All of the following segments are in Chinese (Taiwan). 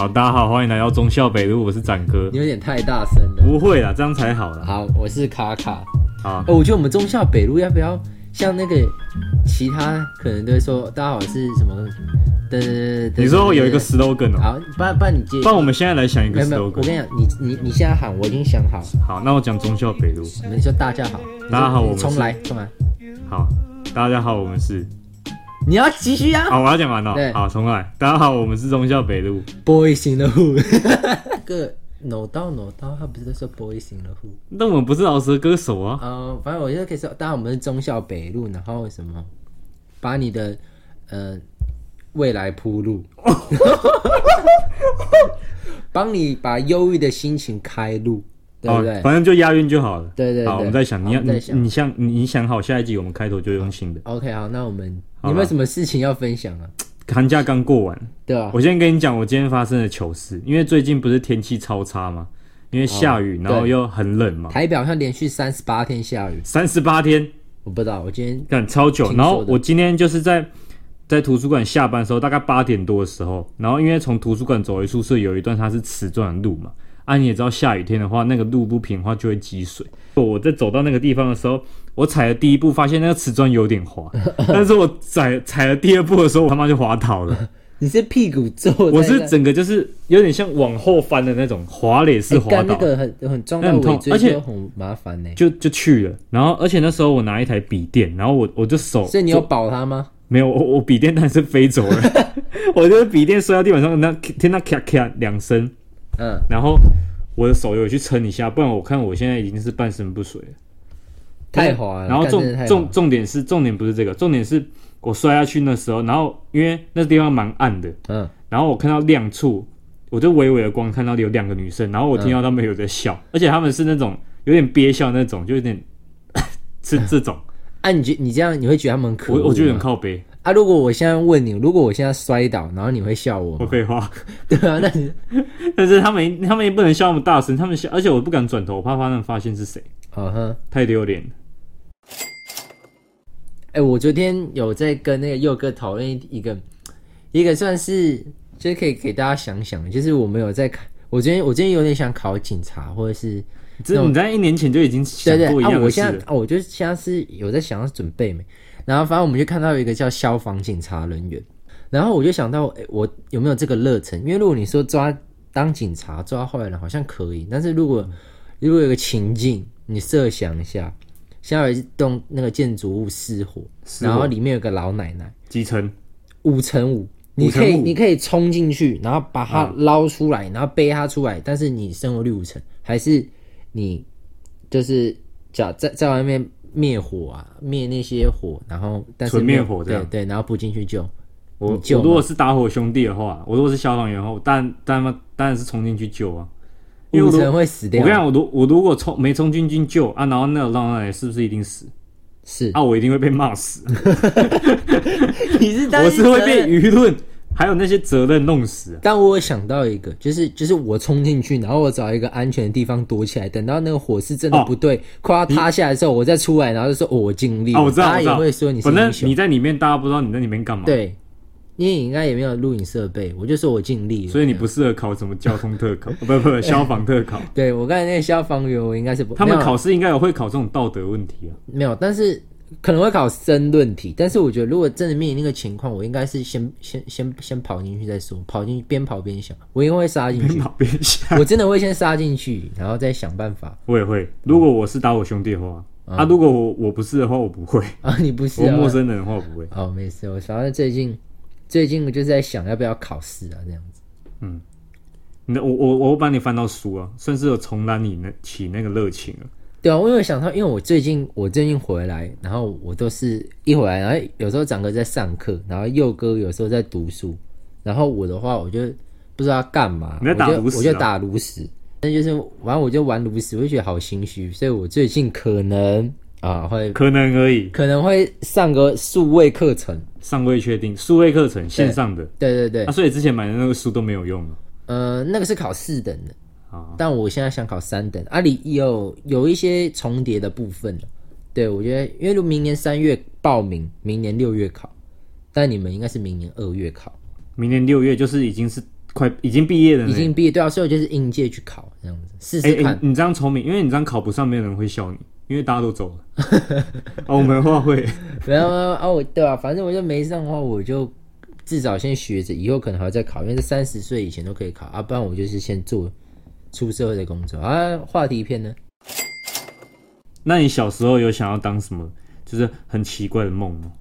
好，大家好，歡迎來到中笑北錄，我是展哥。你有點太大聲了。不會啦，這樣才好了。好，我是卡卡。好，哦、我覺得我們中笑北錄要不要像那個其他可能都會說，大家好是什麼？等等等等等等。你說有一個 slogan 哦。好，幫幫你接。幫我們現在來想一個 slogan。我跟你講，你你你現在喊，我已經想好。好，那我講中笑北錄。你們就大家好。大家好，我們重來，重來。好，大家好，我們是。你要繼續啊？好、 哦，我要講完了、哦。好，重來。大家好，我們是忠孝北路。Boys in the hood 個 no 到 no 到，他不是說 Boys in the hood 那我們不是老師的歌手啊？呃、哦，反正我覺得可以說，當然我們是忠孝北路，然後什麼，把你的呃未來鋪路，幫 你把憂鬱的心情開路。對不對？Oh, 反正就押韻就好了。對對，對對。好，我們在想你要想你，你想你想你想好下一集，我們開頭就用新的。Oh, OK，好，那我們你有沒有什麼事情要分享啊？寒假剛過完， 對啊。我先跟你講，我今天發生的糗事，因為最近不是天氣超差嗎？因為下雨，oh, 然後又很冷嘛。台北好像連續三十八天下雨。三十八天？我不知道。我今天幹超久，然後我今天就是在在圖書館下班的時候，大概八點多的時候，然後因為從圖書館走回宿舍有一段它是瓷磚路嘛。啊、你也知道，下雨天的話，那個路不平的話就會積水。我在走到那個地方的時候，我踩了第一步，發現那個瓷磚有點滑， 但是我踩踩了第二步的時候，我他媽就滑倒了。你是屁股坐？我是整個就是有點像往後翻的那種滑壘式滑倒。跟、欸、個很很重的尾椎，很痛而且很麻煩呢。就就去了，然後而且那時候我拿一台筆電，然後我我就手。所以你有保它嗎？沒有，我我筆電但是飛走了， 我就是筆電摔到地板上，那聽到咔咔兩聲。嗯，然後我的手有去撐一下，不然我看我現在已經是半身不遂了，太滑了。然後重重重點是重點不是這個，重點是我摔下去那時候，然後因為那地方蠻暗的，嗯，然後我看到亮處，我就微微的光看到有兩個女生，然後我聽到她們有在笑、嗯，而且她們是那種有點憋笑那種，就有點 是這種。啊，啊你覺你這樣你會覺得他們很可？我我覺得很靠北。啊！如果我現在問你，如果我現在摔倒，然後你會笑我嗎？不廢話， 對啊。但是 但是他們他們也不能笑那麼大聲，他們笑，而且我不敢轉頭，我怕，怕他們發現是誰。啊哈，太丟臉了。哎、欸，我昨天有在跟那個佑哥討論一個一個算是就是可以給大家想想，就是我沒有在考，我昨天，我昨天有點想考警察，或者是種這種在一年前就已經想過一樣的、啊、事了。啊，我現在哦，我就現在是有在想要準備然後，反正我們就看到一個叫消防警察人員，然後我就想到，哎、欸，我有沒有這個熱忱，因為如果你說抓當警察抓壞人，好像可以。但是如，如果如果有個情境，嗯、你設想一下，現在有一棟那個建築物失火，火，然後裡面有個老奶奶，幾層？五層五。你可以，5 5? 你可以衝進去，然後把它撈出來，然後背它出來。嗯、但是，你生活率五成，還是你就是腳在在外面？滅火啊，滅那些火，然後但是滅，純滅火這樣對，對，然後撲進去救。我救我如果是打火兄弟的話，我如果是消防員的話，我當然，當然，當然是衝進去救啊。可能會死掉。我跟你講，我如我如果衝沒衝進去救啊，然後那個浪人是不是一定死？是啊，我一定會被罵死。 你是我是會被輿論。還有那些責任弄死，但我想到一個，就是就是我衝進去，然後我找一個安全的地方躲起來，等到那個火勢真的不對，誇、哦、塌下來的時候、嗯，我再出來，然後就說、哦、我盡力、哦。我知道，我知道。大家也會說你是英雄。反正你在裡面，大家不知道你在裡面幹嘛。對，因為你應該也沒有錄影設備，我就說我盡力了。所以你不適合考什麼交通特考， 不，不，不不， 消防特考。對我剛才那個消防員，我應該是不。他們考試應該有會考這種道德問題啊？沒有，但是。可能會考申論題，但是我覺得如果真的面臨那個情況，我應該是先先先先跑進去再說，跑進去邊跑邊想，我應該會殺進去，邊跑邊想，我真的會先殺進去，然後再想辦法。我也會，嗯、如果我是打我兄弟的話，嗯、啊，如果我我不是的話，我不會啊，你不是、啊、我陌生的人的話，我不會。哦，沒事，我反正最近最近我就是在想，要不要考試啊，這樣子。嗯，那我我我會幫你翻到書啊，算是有重燃你那起那個熱情。對啊，我有想到，因為我最近我最近回來，然後我都是一回來，然後有時候長哥在上課，然後佑哥有時候在讀書，然後我的話，我就不知道幹嘛。你打爐石？啊，我就我就打爐石，但就是反正我就玩爐石，我就覺得好心虛，所以我最近可能啊會可能而已，可能會上個數位課程，尚未確定數位課程線上的，對對對，對，那，啊、所以之前買的那個書都沒有用了，呃，那個是考四等的。但我現在想考三等，阿、啊、你有有一些重疊的部分，對我覺得，因為如果明年三月報名，明年六月考，但你們應該是明年二月考，明年六月就是已經是快已經畢業了，已經畢業，對啊，所以我就是應屆去考這樣子試試看。哎，你這樣聰明，因為你這樣考不上，沒有人會笑你，因為大家都走了。 哦、我們話會沒有，沒有啊，我對啊，反正我就沒上的話，我就至少先學着，以後可能還要再考，因為這三十歲以前都可以考啊，不然我就是先做。出社會的工作啊，話題片呢？那你小時候有想要當什麼？就是很奇怪的夢嗎？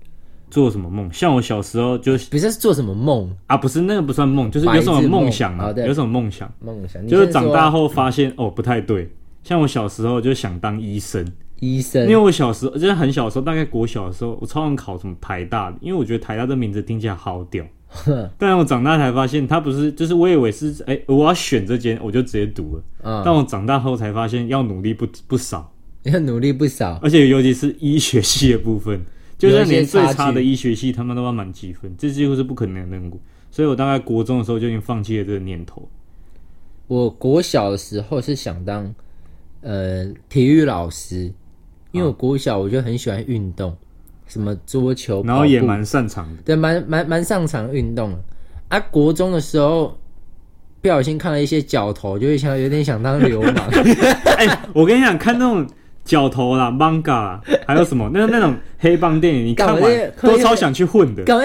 做什麼夢？像我小時候就是比如說做什麼夢啊，不是那個不算夢，就是有什麼夢想啊，夢？有什麼夢想？夢想就是長大後發現、嗯、哦，不太對。像我小時候就想當醫生。醫生，因為我小時候，就是很小的時候，大概國小的時候，我超想考什麼台大的，因為我覺得台大的名字聽起來好屌。但我長大才發現，他不是，就是我以為是，哎、欸，我要選這間，我就直接讀了、嗯。但我長大後才發現，要努力不不少。要努力不少，而且尤其是醫學系的部分， 就是連最差的醫學系，他們都要滿級分，這幾乎是不可能的任務。所以我大概國中的時候就已經放棄了這個念頭。我國小的時候是想當呃體育老師。因為我國小我就很喜歡運動，啊，什麼桌球，然後也蠻擅長的，對，蠻蠻蠻擅長運動。啊，國中的時候不小心看了一些角頭，就會想有點想當流氓。哎 欸，我跟你講，看那種。 角頭啦，Manga 啦，還有什麼？ 那那種黑幫電影，你看完都超想去混的。幹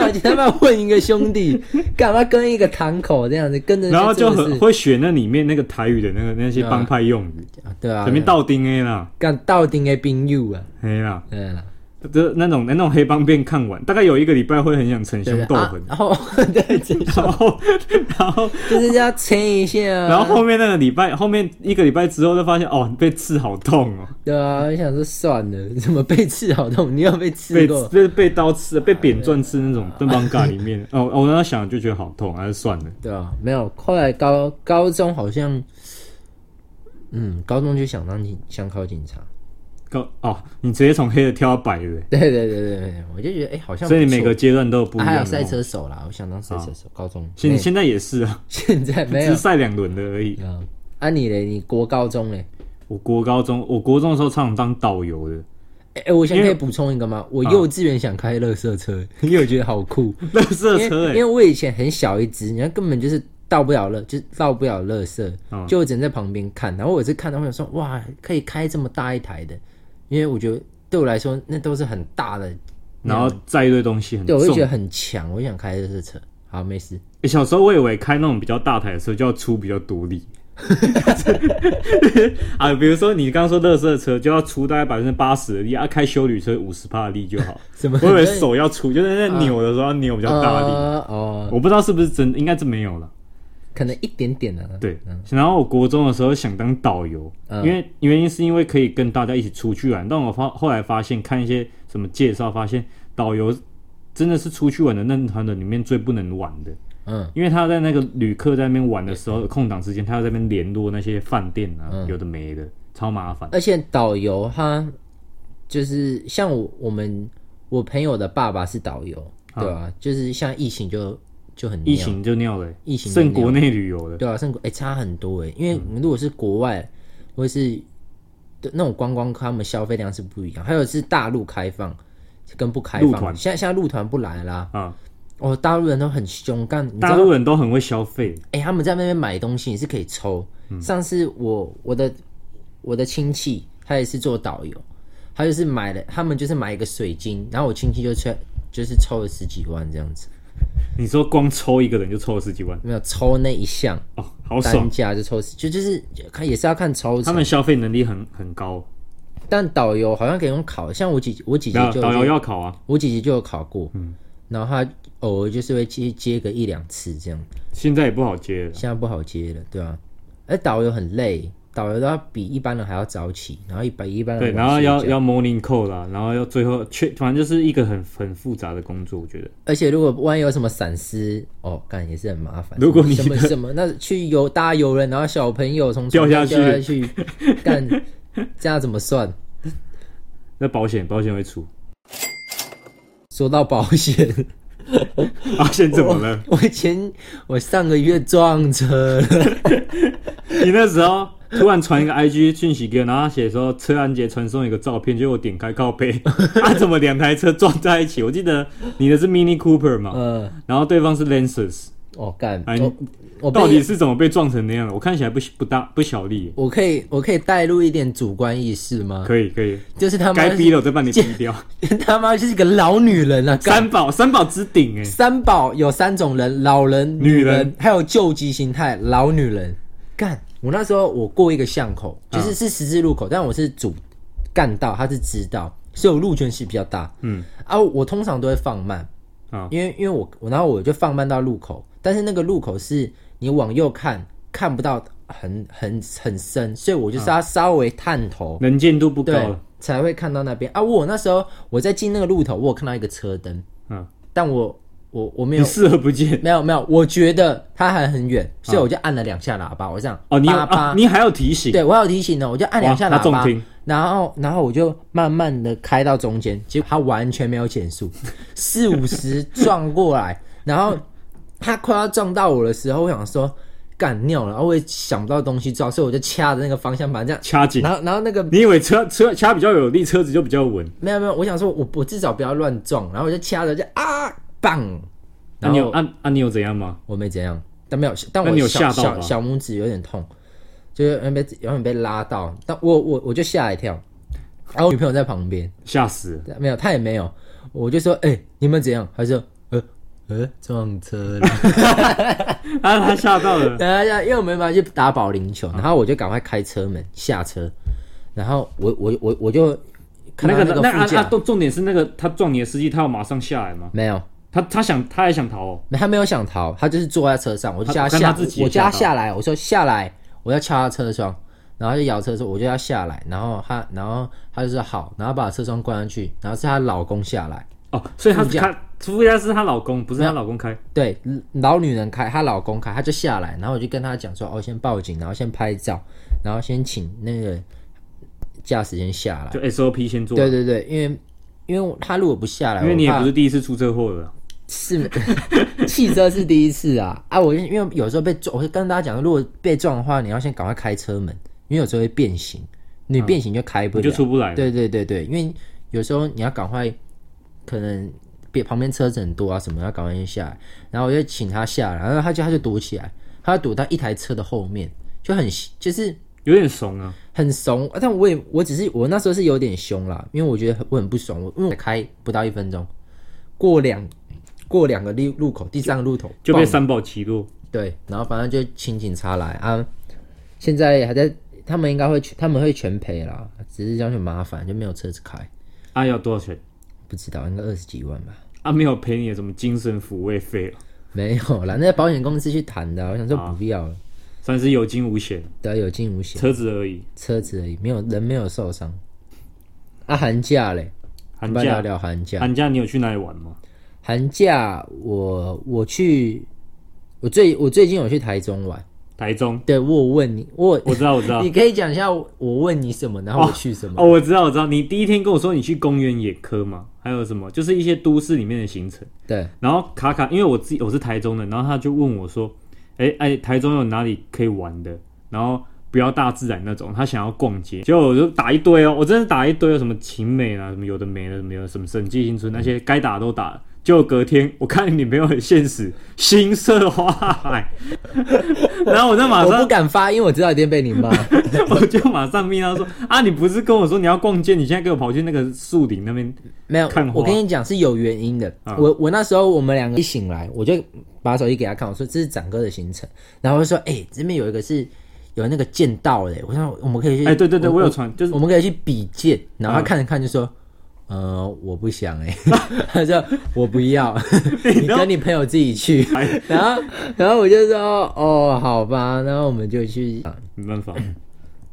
嘛？你幹嘛混一個兄弟？幹嘛跟一個堂口這樣子跟着？然後就很會選那裡面那個台語的那個那些幫派用語、啊。對啊，裡面、啊啊、倒釘 A 啦，幹倒釘 A 兵友啊。哎呀、啊，嗯、啊。就那種那種黑幫片看完，大概有一個禮拜會很想逞兇鬥狠、啊，然後， 對然後，然 後就是要撐一下、啊，然後後面那個禮拜，後面一個禮拜之後就發現哦，你被刺好痛哦。對啊，我想說算了，你怎麼被刺好痛？你要被刺被就是被刀刺、被扁鑽刺那種，黑幫咖裡面 哦，我那時候想就覺得好痛，還是算了。對啊，沒有。後來高高中好像，嗯，高中就想當警，想考警察。高哦，你直接從黑的跳到白的。對對對對對，我就覺得哎、欸，好像。所以每個階段都有不一樣、啊。還有賽車手啦，我想當賽車手、啊，高中。現現在也是啊。現在沒有。只是賽兩輪的而已。嗯、啊，你嘞？你國高中嘞？我國高中，我國中的時候常常當導遊的。哎、欸，我想可以補充一個嗎？我幼稚園想開垃圾車、啊，因為我覺得好酷。垃 圾車、欸因，因為我以前很小一隻，你看根本就是倒不了垃，就倒不了垃圾、啊，就只能在旁邊看。然後我是看到我想說，哇，可以開這麼大一台的。因為我覺得對我來說，那都是很大的，然後載一堆東西很重，我覺得很強。我想開勒車，好沒事、欸。小時候我以為開那種比較大台的車就要出比較多力， 啊，比如說你剛，剛說樂色車就要出大概百分之八十的力，要、啊、開休旅車五十帕力就好。 什麼我以為手要出， 就是在那扭的時候要扭比較大力、啊呃。哦，我不知道是不是真，應該是沒有了。可能一點點的、啊、對、嗯，然後我國中的時候想當導遊、嗯，因為原因是因為可以跟大家一起出去玩，但我發後來發現看一些什麼介紹，發現導遊真的是出去玩的那團的裡面最不能玩的，嗯，因為他在那個旅客在那邊玩的時候、嗯、空檔時間，他要在那邊聯絡那些飯店啊，嗯、有的沒的，超麻煩。而且導遊他就是像我我們我朋友的爸爸是導遊，啊對啊，就是像疫情就。就很疫情就，了、欸、疫情就尿了，疫情剩國內旅遊了，對啊，剩哎、欸、差很多哎、欸，因為如果是國外、嗯、或者是那種觀光，他們消費量是不一樣。還有是大陸開放跟不開放，現在現在陸團不來啦、啊，啊，哦，大陸人都很凶，幹，大陸人都很會消費，哎、欸，他們在那邊買東西是可以抽。嗯、上次我我的我的親戚他也是做導遊，他就是買了，他們就是買一個水晶，然後我親戚就抽，就是抽了十幾萬這樣子。你說光抽一個人就抽了十幾萬，沒有抽那一項哦，好省，就抽十，就就是看也是要看抽。他們消費能力很很高，但導遊好像可以用考，像我姐我姐姐就，就導遊要考啊，我姐姐就有考過，嗯，然後她偶爾就是會接接個一兩次這樣，現在也不好接了，現在不好接了，對吧？而導遊很累。導遊要比一般人還要早起，然後一般一般對，然後要要 morning call 啦，然後要最後，反正就是一個很很複雜的工作，我覺得。而且如果萬一有什麼閃失哦，幹也是很麻煩。如果你什麼，什麼那去遊大遊人，然後小朋友從掉下去，掉下去，幹 這樣怎麼算？那保險保險會出。說到保險，保險怎麼了？我，我前我上個月撞車了。 你那時候？突然傳一個 I G 訊息給我，然後他寫說車安杰傳送一個照片，就我點開靠北， 啊，怎麼兩台車撞在一起？我記得你的是 Mini Cooper 嘛，嗯、呃，然後對方是 Lancers，哦、幹、哎，我,我到底是怎麼被撞成那樣的？我看起來不不大不小力，我可以我可以帶入一點主觀意識嗎？可以可以，就是他媽該逼了，我再把你斃掉，他媽就是一個老女人啊！三寶三寶之頂哎，三寶、欸、有三種人，老人、女人，女人還有救急形態老女人，幹。我那時候我過一個巷口，其、就、實、是、是十字路口，啊、但我是主幹道，他是支道，所以我路權是比較大。嗯，啊，我通常都會放慢啊，因為因為我，我，然後我就放慢到路口，但是那個路口是你往右看，看不到很很很深，所以我就是要稍微探頭，啊、能見度不夠，才會看到那邊啊。我那時候我在進那個路口，我有看到一個車燈，嗯、啊，但我。我我沒有視而不見，沒有沒有，我覺得他還很遠，啊，所以我就按了兩下喇叭，我這樣。哦，你叭叭、啊、你還要提醒？對，我還有提醒呢，我就按兩下喇叭，他重聽，然後然後我就慢慢的開到中間，結果他完全沒有減速， 四五十撞過來， 然後他快要撞到我的時候，我想說幹尿了，然後我也想不到東西抓，所以我就掐着那個方向盤這樣掐緊，然後然後那個你以為車車掐比較有力，車子就比較穩？沒有沒有，我想說我我至少不要亂撞，然後我就掐着就啊。棒，那你有按？那、啊啊、你有怎樣嗎？我沒怎樣，但沒有。但我有嚇到嗎小小？小拇指有點痛，就是被有點被拉到，但我我我就嚇一跳，然、啊、後女朋友在旁邊，嚇死了、啊！沒有，他也沒有。我就說：“哎、欸，你們怎樣？”他就說：“呃、欸、呃、欸，撞車了。 他”他他嚇到了。等一下，因為我們馬上去打保齡球，然後我就趕快開車門下車，然後我我我我就那個那個那個、那個啊啊、重點是那個他撞你的司機，他要馬上下來嗎？沒有。他他想，他也想逃，哦，沒，他沒有想逃，他就是坐在車上，我就叫他下，他他自己下我，我叫他下來，下來，我說下來，我要敲他車窗，然後就搖車說，我就要下來，然後他，然後他就說好，然後把車窗關上去，然後是她老公下來，哦，所以他，他是他，除非他是她老公，不是她老公開，對，老女人開，她老公開，他就下來，然後我就跟他講說，哦，先報警，然後先拍照，然後先請那個駕駛先下來，就 SOP 先做，對對對，因為因為他如果不下來，因為你也不是第一次出車禍了。是 汽車是第一次啊啊！我因為有時候被撞，我是跟大家講，如果被撞的話，你要先趕快開車門，因為有時候會變形，你變形就開不了，啊、你就出不來。對對對對，因為有時候你要趕快，可能別旁邊車子很多啊什麼，要趕快先下來。然後我就請他下來，然後他就他就躲起來，他就躲到一台車的後面，就很就是有點慫啊，很慫，啊。但我也我只是我那時候是有點兇啦，因為我覺得很我很不慫，因為我開不到一分鐘，過兩過兩個路路口，第三個路口就，就被三寶騎路。對，然後反正就請警察來啊。現在還在，他們應該會他們會全賠啦，只是這樣很麻煩就沒有車子開。啊，要多少錢？不知道，應該二十幾萬吧。啊，沒有賠你有什麼精神撫慰費？沒有啦，那保險公司去談的啊，我想說不必要了啊，算是有驚無險。對啊，有驚無險，車子而已，車子而已，沒有人沒有受傷。啊，寒假嘞？寒假聊寒假，寒假你有去哪裡玩嗎？寒假我我去，我最我最近有去台中玩。台中對，我有問你，我我知道我知道，知道 你可以講一下我問你什麼，然後我去什麼。哦，哦我知道我知道。你第一天跟我說你去宮原眼科嘛？還有什麼？就是一些都市裡面的行程。對。然後卡卡，因為我自己我是台中人，然後他就問我說：“哎、欸、哎、欸，台中有哪裡可以玩的？然後不要大自然那種，他想要逛街。”結果我就打一堆哦、喔，我真的打一堆，有什麼勤美啊，什麼有的沒的，什麼有什麼審計新村、嗯、那些，該打的都打了。就隔天，我看你女朋友很現實，新社花海。 然後我就馬上，我不敢發，因為我知道一定被你罵， 我就馬上命他說：“啊，你不是跟我說你要逛街，你現在給我跑去那個樹林那邊沒有看花？我跟你講是有原因的。啊，我我那時候我們兩個一醒來，我就把手機給他看，我說這是展哥的行程，然後我就說，哎、欸，這邊有一個是有那個劍道嘞，我想說我們可以去。哎、欸，對對對，我，我有傳，就是我們可以去比劍。然後他看了看，就說。嗯”呃，我不想哎、欸，他 說 我不要， 你跟你朋友自己去， 然後然後我就說哦，好吧，然後我們就去。啊，沒辦法，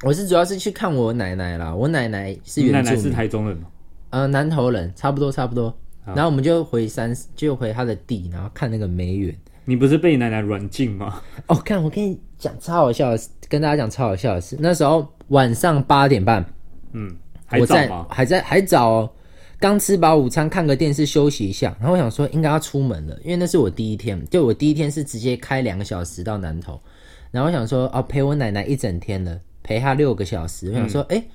我是主要是去看我奶奶啦，我奶奶是原，你奶奶是台中人嗎？呃，南投人，差不多差不多，然後我們就回山，就回他的地，然後看那個梅園。你不是被你奶奶軟禁嗎？哦，看我跟你講超好笑的，跟大家講超好笑的事。那時候晚上八點半，嗯，還早我在我還在還早、哦。剛吃飽午餐，看個電視休息一下，然後我想說應該要出門了，因為那是我第一天，就我第一天是直接開兩個小時到南投，然後我想說哦、啊、陪我奶奶一整天了，陪她六個小時，我想說哎、嗯欸，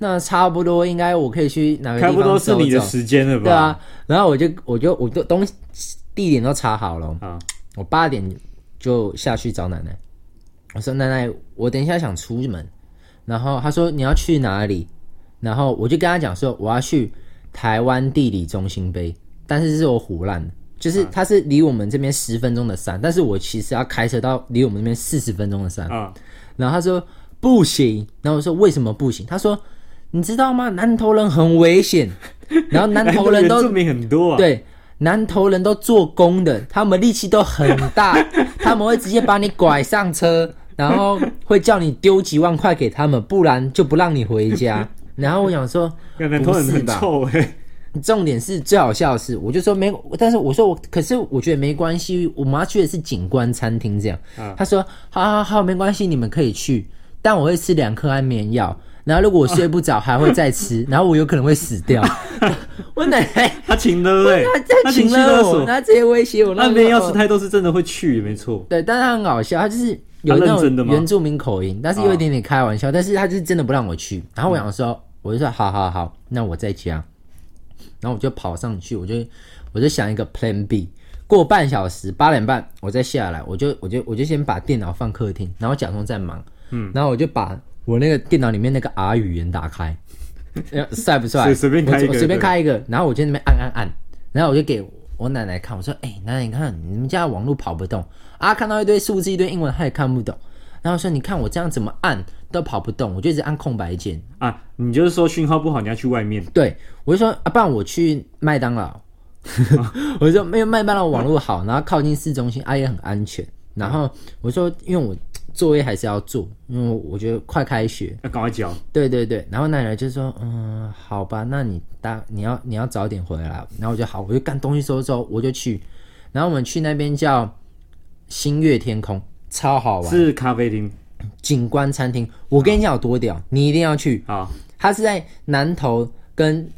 那差不多應該我可以去哪個地方走走，差不多是你的時間了吧？對啊，然後我就我就我都東西地點都查好了啊，我八點就下去找奶奶，我說奶奶，我等一下想出門，然後她說你要去哪裡，然後我就跟她講說我要去。台灣地理中心碑，但是是我唬爛，就是它是離我們這邊十分鐘的山、啊，但是我其實要開車到離我們這邊四十分鐘的山。啊，然後他說不行，然後我說為什麼不行？他說你知道嗎？南投人很危險，然後南投人都 南投人很多啊，對，南投人都做工的，他們力氣都很大， 他們會直接把你拐上車，然後會叫你丟幾萬塊給他們，不然就不讓你回家。 然後我想說，不是吧？重點是最好笑的是，我就說沒，但是我說我，可是我覺得沒關係。我媽去的是景觀餐廳，這樣，他說好好好，沒關係，你們可以去，但我會吃兩顆安眠藥，然後如果我睡不着，還會再吃，然後我有可能會死掉。我奶奶她、啊、請的對，她請了我，她直接威脅我，安眠藥吃太多是真的會去，也沒錯。對，但是她很好笑，她就是有那種原住民口音，但是有一點點開玩笑，但是她就是真的不讓我去。然後我想說。我就說好好好，那我在家。然後我就跑上去，我就我就想一個 Plan B，過半小時，八點半，我再下來，我就我就我就先把電腦放客廳，然後假裝在忙。嗯。然後我就把我那個電腦裡面那個 R 語言打開，帥 不出來，隨便開，隨便開一個，一個。然後我就那邊按按按，然後我就給我奶奶看，我說：“哎、欸，奶奶，你看，你們家的網絡跑不動啊！看到一堆數字一堆英文，他也看不懂。然後說，你看我這樣怎麼按？”都跑不動，我就一直按空白鍵啊！你就是說訊號不好，你要去外面？對我就說啊，不然我去麥當勞。 啊、我就說沒有麥當勞網絡好、啊，然後靠近市中心，啊也很安全。然後我就說，因為我作業還是要做，因為我覺得快開學要搞一搞。對對對，然後奶奶就說，嗯，好吧，那你大你要你要早點回來。然後我就好，我就干東西收收，我就去。然後我們去那邊叫星月天空，超好玩，是咖啡廳。景觀餐廳，我跟你講有多屌，啊，你一定要去啊！它是在南投跟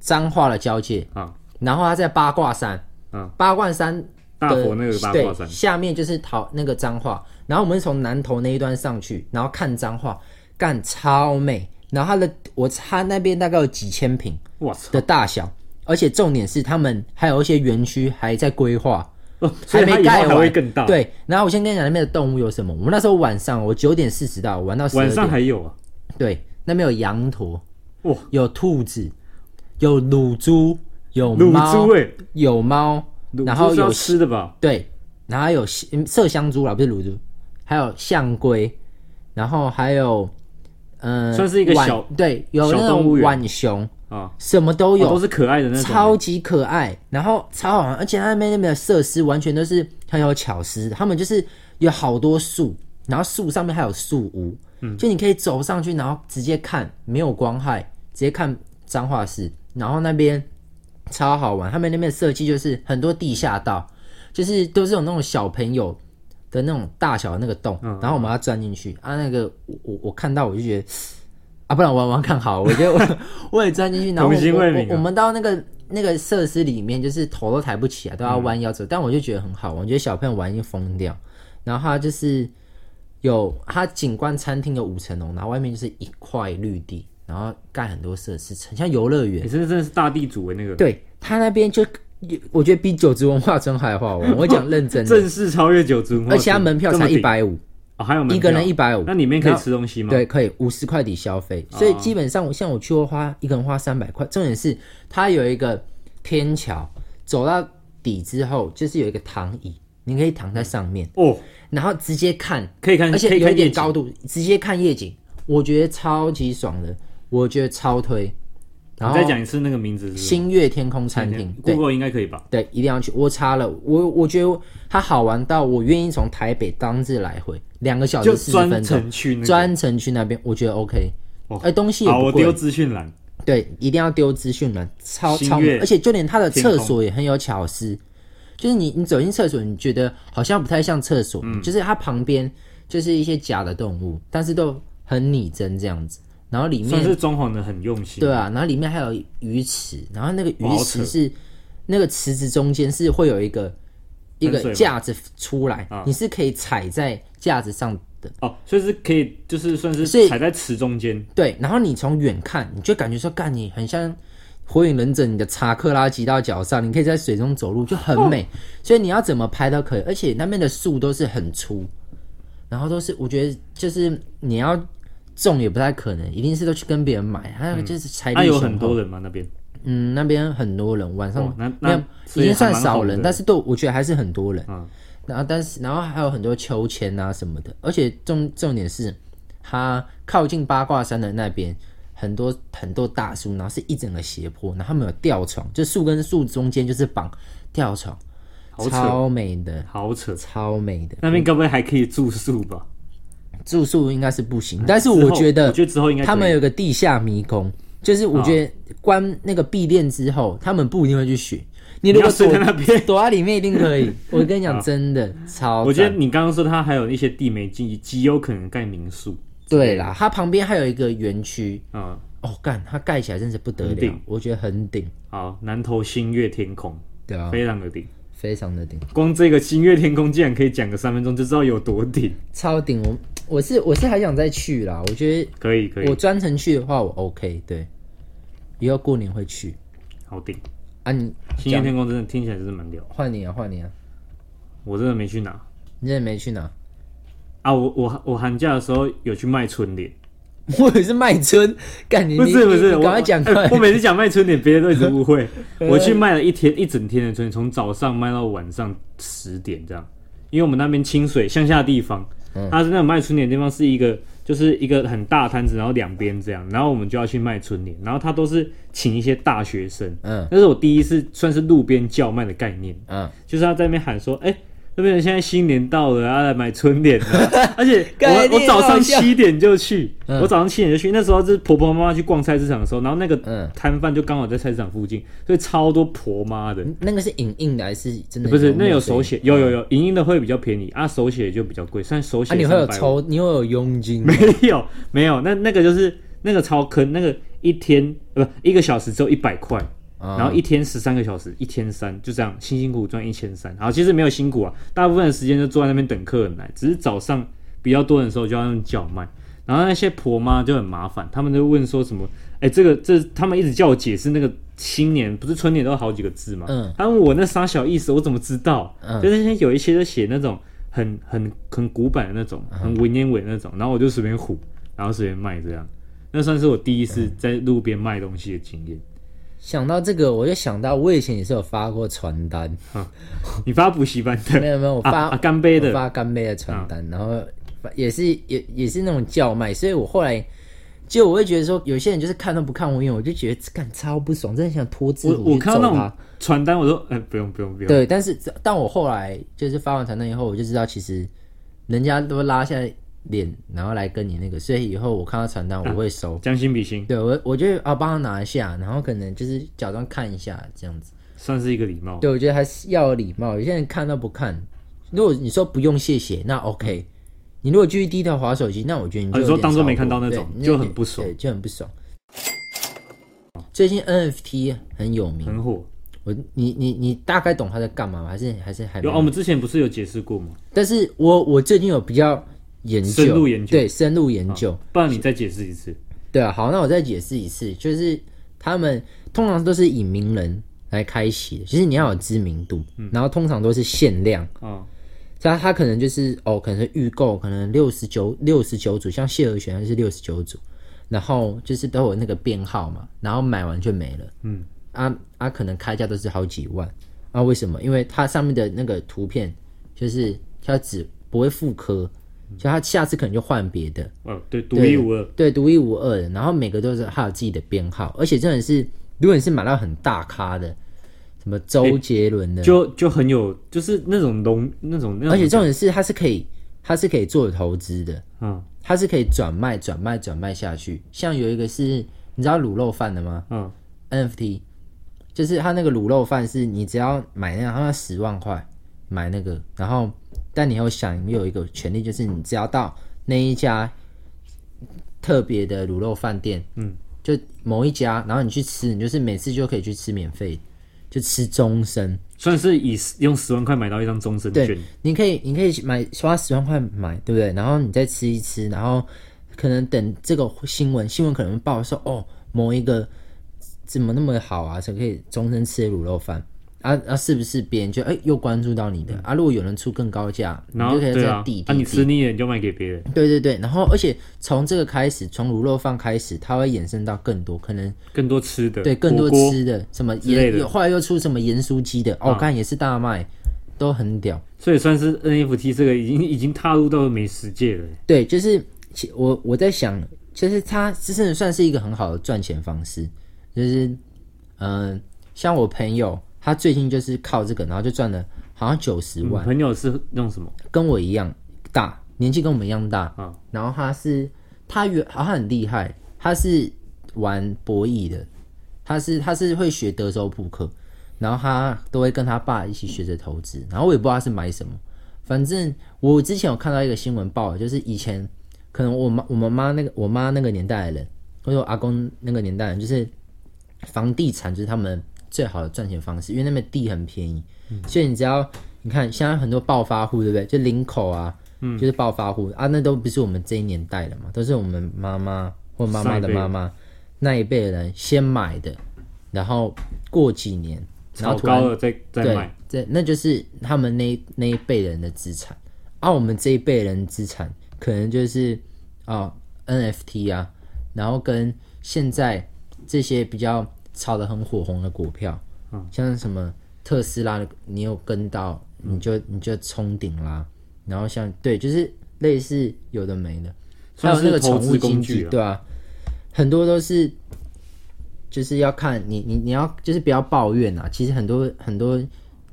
彰化的交界啊，然後它在八卦山啊，八卦山的大佛，那個八卦山下面就是桃，那個彰化，然後我們從南投那一端上去，然後看彰化，幹超美。然後它的我它那邊大概有幾千坪，我操的大小，而且重點是他們還有一些園區還在規劃。哦，所以它以後還會更大，還沒蓋好。對，然後我先跟你講那邊的動物有什麼。我們那時候晚上我九點四十到，玩到十點晚上還有、啊、對，那邊有羊駝，哇，有兔子，有乳豬，有乳豬、欸、有貓，然後有吃的吧？對，然後有麝香豬啦，不是乳豬，還有象龜，然後還有嗯、呃，算是一個小對，有那種浣熊。啊，什麼都有。哦哦，都是可愛的那種，超級可愛，然後超好玩，而且他們那邊的設施完全都是很有巧思，他們就是有好多樹，然後樹上面還有樹屋，嗯，就你可以走上去，然後直接看，沒有光害，直接看彰化市。然後那邊超好玩，他們那邊的設計就是很多地下道，就是都是有那種小朋友的那種大小的那個洞，嗯、然後我們要鑽進去啊，那個我我看到我就覺得。啊，不然我玩玩看好。我覺得我， 我也鑽進去，然後我、啊、我，我，我們到那個那個設施裡面，就是頭都抬不起來，都要彎腰走，嗯。但我就覺得很好，我覺得小朋友玩就瘋掉。然後他就是有它景觀餐廳有五層樓，然後外面就是一塊綠地，然後蓋很多設施，很像遊樂園。這個真的是大地主的那個。對，他那邊就我覺得比九族文化村還好玩。我講認真的， 正式超越九族文化，而且他門票才一百五。哦、還有一個人一百五，那裡面可以吃東西嗎？對，可以五十塊抵消費、哦，所以基本上我，像我去過花，一個人花三百塊。重點是它有一個天橋，走到底之後就是有一個躺椅，你可以躺在上面哦，然後直接看，可以看，而且，可以看而且，有一點高度，直接看夜景，我覺得超級爽的，我覺得超推。然後再講一次那個名字是是：星月天空餐廳、嗯。Google 應該可以吧對？對，一定要去。我差了，我我覺得它好玩到我願意從台北當日來回。兩個小時四十分鐘，專程去那邊、個，我覺得 OK。哎、哦，而東西也不貴、哦，我丟資訊欄，對，一定要丟資訊欄，超超美。而且就連他的廁所也很有巧思，就是你你走進廁所，你覺得好像不太像廁所、嗯，就是它旁邊就是一些假的動物，但是都很擬真這樣子。然後裡面是裝潢的很用心，對啊。然後裡面還有魚池，然後那個魚池是那個池子中間是會有一個。一個架子出來、哦，你是可以踩在架子上的哦，所以是可以，就是算是踩在池中間。對，然後你從遠看，你就感覺說，幹你很像火影忍者，你的查克拉積到腳上，你可以在水中走路，就很美、哦。所以你要怎麼拍都可以，而且那邊的樹都是很粗，然後都是我覺得就是你要種也不太可能，一定是都去跟別人買。還、啊、有就是，踩點、嗯啊、有很多人嗎？那邊？嗯，那邊很多人晚上、哦、那已經算少人，但是都我覺得還是很多人。嗯、然後，但是然後還有很多秋千啊什麼的，而且重重點是他靠近八卦山的那邊很多很多大樹，然後是一整個斜坡，然後他們有吊床，就樹跟樹中間就是綁吊床，超美的。好，好扯，超美的。那邊該不會還可以住宿吧？嗯、住宿應該是不行，但是我覺得，我覺得，他們有個地下迷宮。就是我覺得關那個閉店之後，他們不一定會去尋你。如果躲在那邊，躲在裡面一定可以。 我跟你講，真的超。我覺得你剛剛說他還有一些地沒進去，極有可能蓋民宿。對啦，它旁邊還有一個園區啊。哦，幹，它蓋起來真是不得了。頂，我覺得很頂。好，南投星月天空，對啊，非常的頂，非常的頂。光這個星月天空，竟然可以講個三分鐘，就知道有多頂。超頂！我我是我是還想再去啦。我覺得可以可以。我專程去的話，我 OK，對。以後過年會去，好頂啊！你《星天天空》真的聽起來真是蠻屌。換你啊，換你啊！我真的沒去哪，你也沒去哪啊？我我我寒假的時候有去賣春聯，我也是賣春，幹你，你。不是不是，我剛才講我每次講賣春聯，別 人都一直誤會。 我去賣了一天一整天的春聯，從早上賣到晚上十點這樣。因為我們那邊清水鄉下的地方，它、嗯、是、啊、那種、個、賣春聯的地方是一個。就是一個很大的攤子，然後兩邊這樣，然後我們就要去賣春聯，然後他都是請一些大學生，嗯，那是我第一次算是路邊叫賣的概念，嗯，就是他在那邊喊說，哎、欸。這邊現在新年到了，啊，買春聯、啊、而且我 我早上七點就去、嗯，我早上七點就去，那時候是婆婆媽媽去逛菜市場的時候，然後那個攤販就剛好在菜市場附近，所以超多婆媽的、嗯。那個是影印的還是真的是？不是，那個、有手寫，有有有影印的會比較便宜，啊，手寫就比較貴，雖然手寫、啊、你會有你會有佣金？ 沒有沒有，那那個就是那個超坑，那個一天不是一個小時只有一百塊。然後一天十三個小時，oh. 一天三就這樣，辛辛苦苦賺一千三。然後其實沒有辛苦啊，大部分的時間就坐在那邊等客人來，只是早上比較多的時候就要用叫賣。然後那些婆媽就很麻煩，他們就問說什麼？哎、欸，這個這，他們一直叫我解釋那個新年不是春聯都好幾個字嘛？嗯，他問我那啥小意思，我怎麼知道？嗯，就那些有一些就寫那種很很很古板的那種，很文言文的那種。然後我就隨便唬，然後隨便賣這樣。那算是我第一次在路邊賣東西的經驗。嗯想到這個，我就想到我以前也是有發過傳單，啊，你發補習班的？ 沒有沒有，我發、啊啊，乾杯的，發乾杯的傳單，啊，然後也是也也是那種叫賣，所以我後來就我會覺得說，有些人就是看都不看我一眼，我就覺得幹超不爽，真的想脫職。我我，我看到那種傳單，我說哎，欸，不用不用不用。對，但是但我後來就是發完傳單以後，我就知道其實人家都拉下來。臉，然後來跟你那個，所以以後我看到傳單，我會收、嗯。將心比心，對我，我覺得啊，幫他拿一下，然後可能就是假裝看一下，這樣子，算是一個禮貌。對我覺得還是要禮貌，有些人看都不看，如果你說不用謝謝，那 OK。嗯、你如果繼續低頭滑手機，那我覺得你就說當作沒看到那種，對就很不爽，對對對就很不爽、哦。最近 NFT 很有名、嗯，很火。我，你，你，你大概懂他在幹嘛嗎？還是還是還、哦、我們之前不是有解釋過嗎？但是我我最近有比較。研究，研究，對，深入研究。啊、不然你再解釋一次。對啊，好，那我再解釋一次，就是他們通常都是以名人來開啟，其、就、實、是、你要有知名度、嗯，然後通常都是限量啊，這、嗯、他，他可能就是哦，可能是預購，可能六十九六十九組，像謝和弦還是六十九組，然後就是都有那個編號嘛，然後買完就沒了，嗯，啊啊，可能開價都是好幾萬，啊，為什麼？因為它上面的那個圖片，就是它只不會複刻。就他下次可能就換別的，嗯、哦，對，獨一無二，對，獨一無二的，然後每個都是還有自己的編號，而且這種是，如果你是買到很大咖的，什麼周杰倫的，就就很有，就是那種濃那種那種，而且這種是它是可以，它是可以做投資的，嗯，它是可以轉賣、轉賣、轉賣下去。像有一個是你知道滷肉飯的嗎？嗯，NFT，就是他那個滷肉飯是，你只要買那樣、個，它要十萬塊。買那個，然後，但你要想，你有一個權利，就是你只要到那一家特別的滷肉飯店，嗯，就某一家，然後你去吃，你就是每次就可以去吃免費，就吃終身，算是以用十萬塊買到一張終身券。對，你可以，你可以買花十萬塊買，對不對？然後你再吃一吃，然後可能等這個新聞，新聞可能報說，哦，某一個怎麼那麼好啊，才可以終身吃滷肉飯。啊啊！啊是不是別人就哎、欸、又關注到你的、嗯、啊？如果有人出更高價，你然後對啊，那、啊、你吃膩了你就賣給別人。對對對，然後而且從這個開始，從滷肉飯開始，它會衍生到更多可能更多吃的，對，更多吃的什麼鹽，後來又出什麼鹽酥雞的，我、啊、看、哦、也是大賣，都很屌。所以算是 NFT 這個已經已經踏入到美食界了。對，就是我我在想，其、就、實、是、它其實算是一個很好的賺錢方式，就是嗯、呃，像我朋友。他最近就是靠這個，然後就賺了好像九十萬、嗯。朋友是用什麼？跟我一樣大，年紀跟我們一樣大啊。然後他是他原他很厲害。他是玩博弈的，他是他是會學德州撲克，然後他都會跟他爸一起學着投資、嗯。然後我也不知道他是買什麼，反正我之前有看到一個新聞報，就是以前可能我媽、我們媽那個我媽那個年代的人，或者我阿公那個年代的人，就是房地產，就是他們。最好的賺錢方式，因為那邊地很便宜，嗯、所以你只要你看現在很多暴發戶，對不對？就林口啊，嗯、就是暴發戶啊，那都不是我們這一年代的嘛，都是我們媽媽或媽媽的媽媽那一輩人先買的，然後過幾年，然後突然超高的再再買，對，這，那就是他們那那一輩人的資產。啊，我們這一輩人資產可能就是啊、哦、NFT 啊，然後跟現在這些比較。炒得很火紅的股票、嗯，像什麼特斯拉的，你有跟到，你就你就衝頂啦、嗯。然後像對，就是類似有的沒的，還有那個投資工具、啊，對啊，很多都是，就是要看你，你你要就是不要抱怨吶。其實很多很多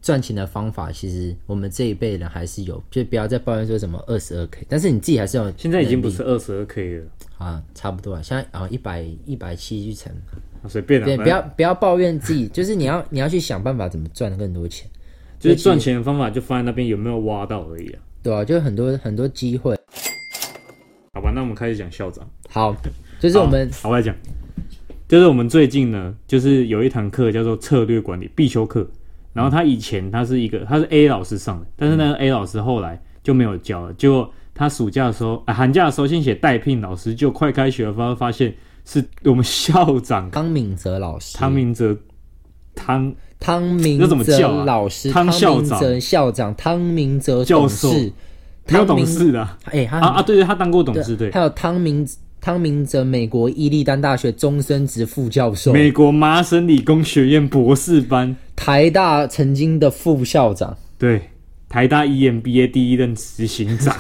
賺錢的方法，其實我們這一輩人還是有，就不要再抱怨說什麼二十二 k。但是你自己還是要，現在已經不是二十二 k 了啊，差不多啊，現在啊一百一百七一層。哦 100, 隨便對、啊，不要不要抱怨自己， 就是你要你要去想辦法怎麼賺更多錢，就是賺錢的方法就放在那邊有沒有挖到而已啊。對啊，就很多很多機會。好吧，那我們開始講校長。好，就是我們好好。我來講，就是我們最近呢，就是有一堂課叫做策略管理必修課，然後他以前他是一個他是 A 老師上的，但是那個 A 老師後來就沒有教了，就、嗯、結果他暑假的時候、啊、寒假的時候先寫代聘老師，就快開學了發發現。是我們校長湯明哲老師，湯明哲，湯湯明哲老師，湯校長，校長湯明哲教授，有懂啊欸、他有董事的，哎，啊，對，他當過董事，對，對還有湯明湯明，湯明哲，美國伊利丹大學終身職副教授，美國麻省理工學院博士班，台大曾經的副校長，對。台大 EMBA 第一任執行長，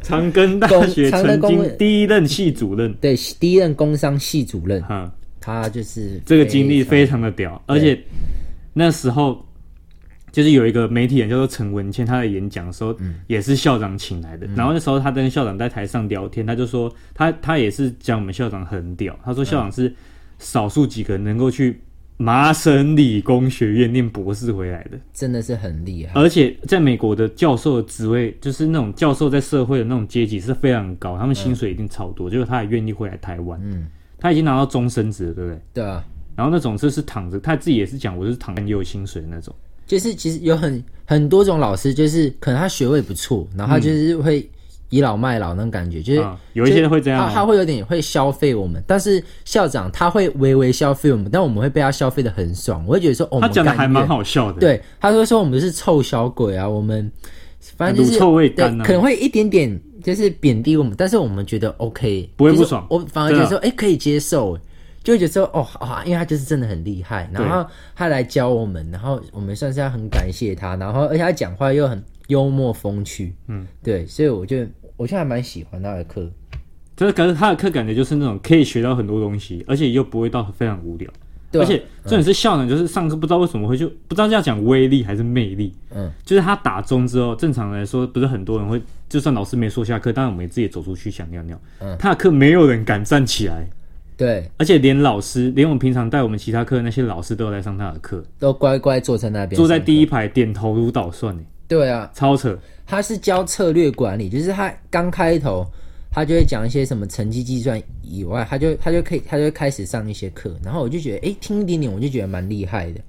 長庚大學曾經第一任系主任，對，第一任工商系主任，哈，他就是這個經歷非常的屌，而且那時候就是有一個媒體人叫做陳文茜，他的演講的時候，也是校長請來的，嗯、然後那時候他跟校長在台上聊天，嗯、他就說他他也是講我們校長很屌，他說校長是少數幾個人能夠去。麻省理工學院念博士回來的，真的是很厲害。而且在美國的教授的職位，就是那種教授在社會的那種階級是非常高，他們薪水一定超多。就、嗯、是他也願意回來台灣。嗯，他已經拿到終身職了，對不對？對啊。然後那種就是躺着，他自己也是講，我是躺著你有薪水的那種。就是其實有很很多種老師，就是可能他學位不錯，然後他就是會。嗯倚老賣老那種感覺，就是、啊、有一些人會這樣、啊，就是、他他會有點會消費我們，但是校長他會微微消費我們，但我們會被他消費的很爽，我會覺得說哦，他講的還蠻好笑的，對，他會說我們是臭小鬼啊，我們反正就是乳臭未乾、啊，可能會一點點就是貶低我們，但是我們覺得 OK，不會不爽，就是、我反而覺得說哎、啊欸、可以接受，就會覺得說哦好好、啊，因為他就是真的很厲害，然後他來教我們，然後我們算是要很感謝他，然後而且他講話又很幽默風趣，嗯，對，所以我就。我現在還蠻喜歡他的課，就是感覺他的課感覺就是那種可以學到很多東西，而且又不會到非常無聊。而且真的、嗯、是校長，就是上課不知道為什麼會就不知道這樣講威力還是魅力。嗯，就是他打鐘之後，正常來說不是很多人會，嗯、就算老師沒說下課，當然我們也自己也走出去想尿尿。嗯，他的課沒有人敢站起來。對，而且連老師，連我們平常帶我們其他課的那些老師都有來上他的課，都乖乖坐在那邊，坐在第一排點頭如搗蒜。對啊，超扯！他是教策略管理，就是他剛開頭，他就會講一些什麼成績計算以外，他就他就可以，他就開始上一些課。然後我就覺得，哎，聽一點點我就覺得蠻厲害的。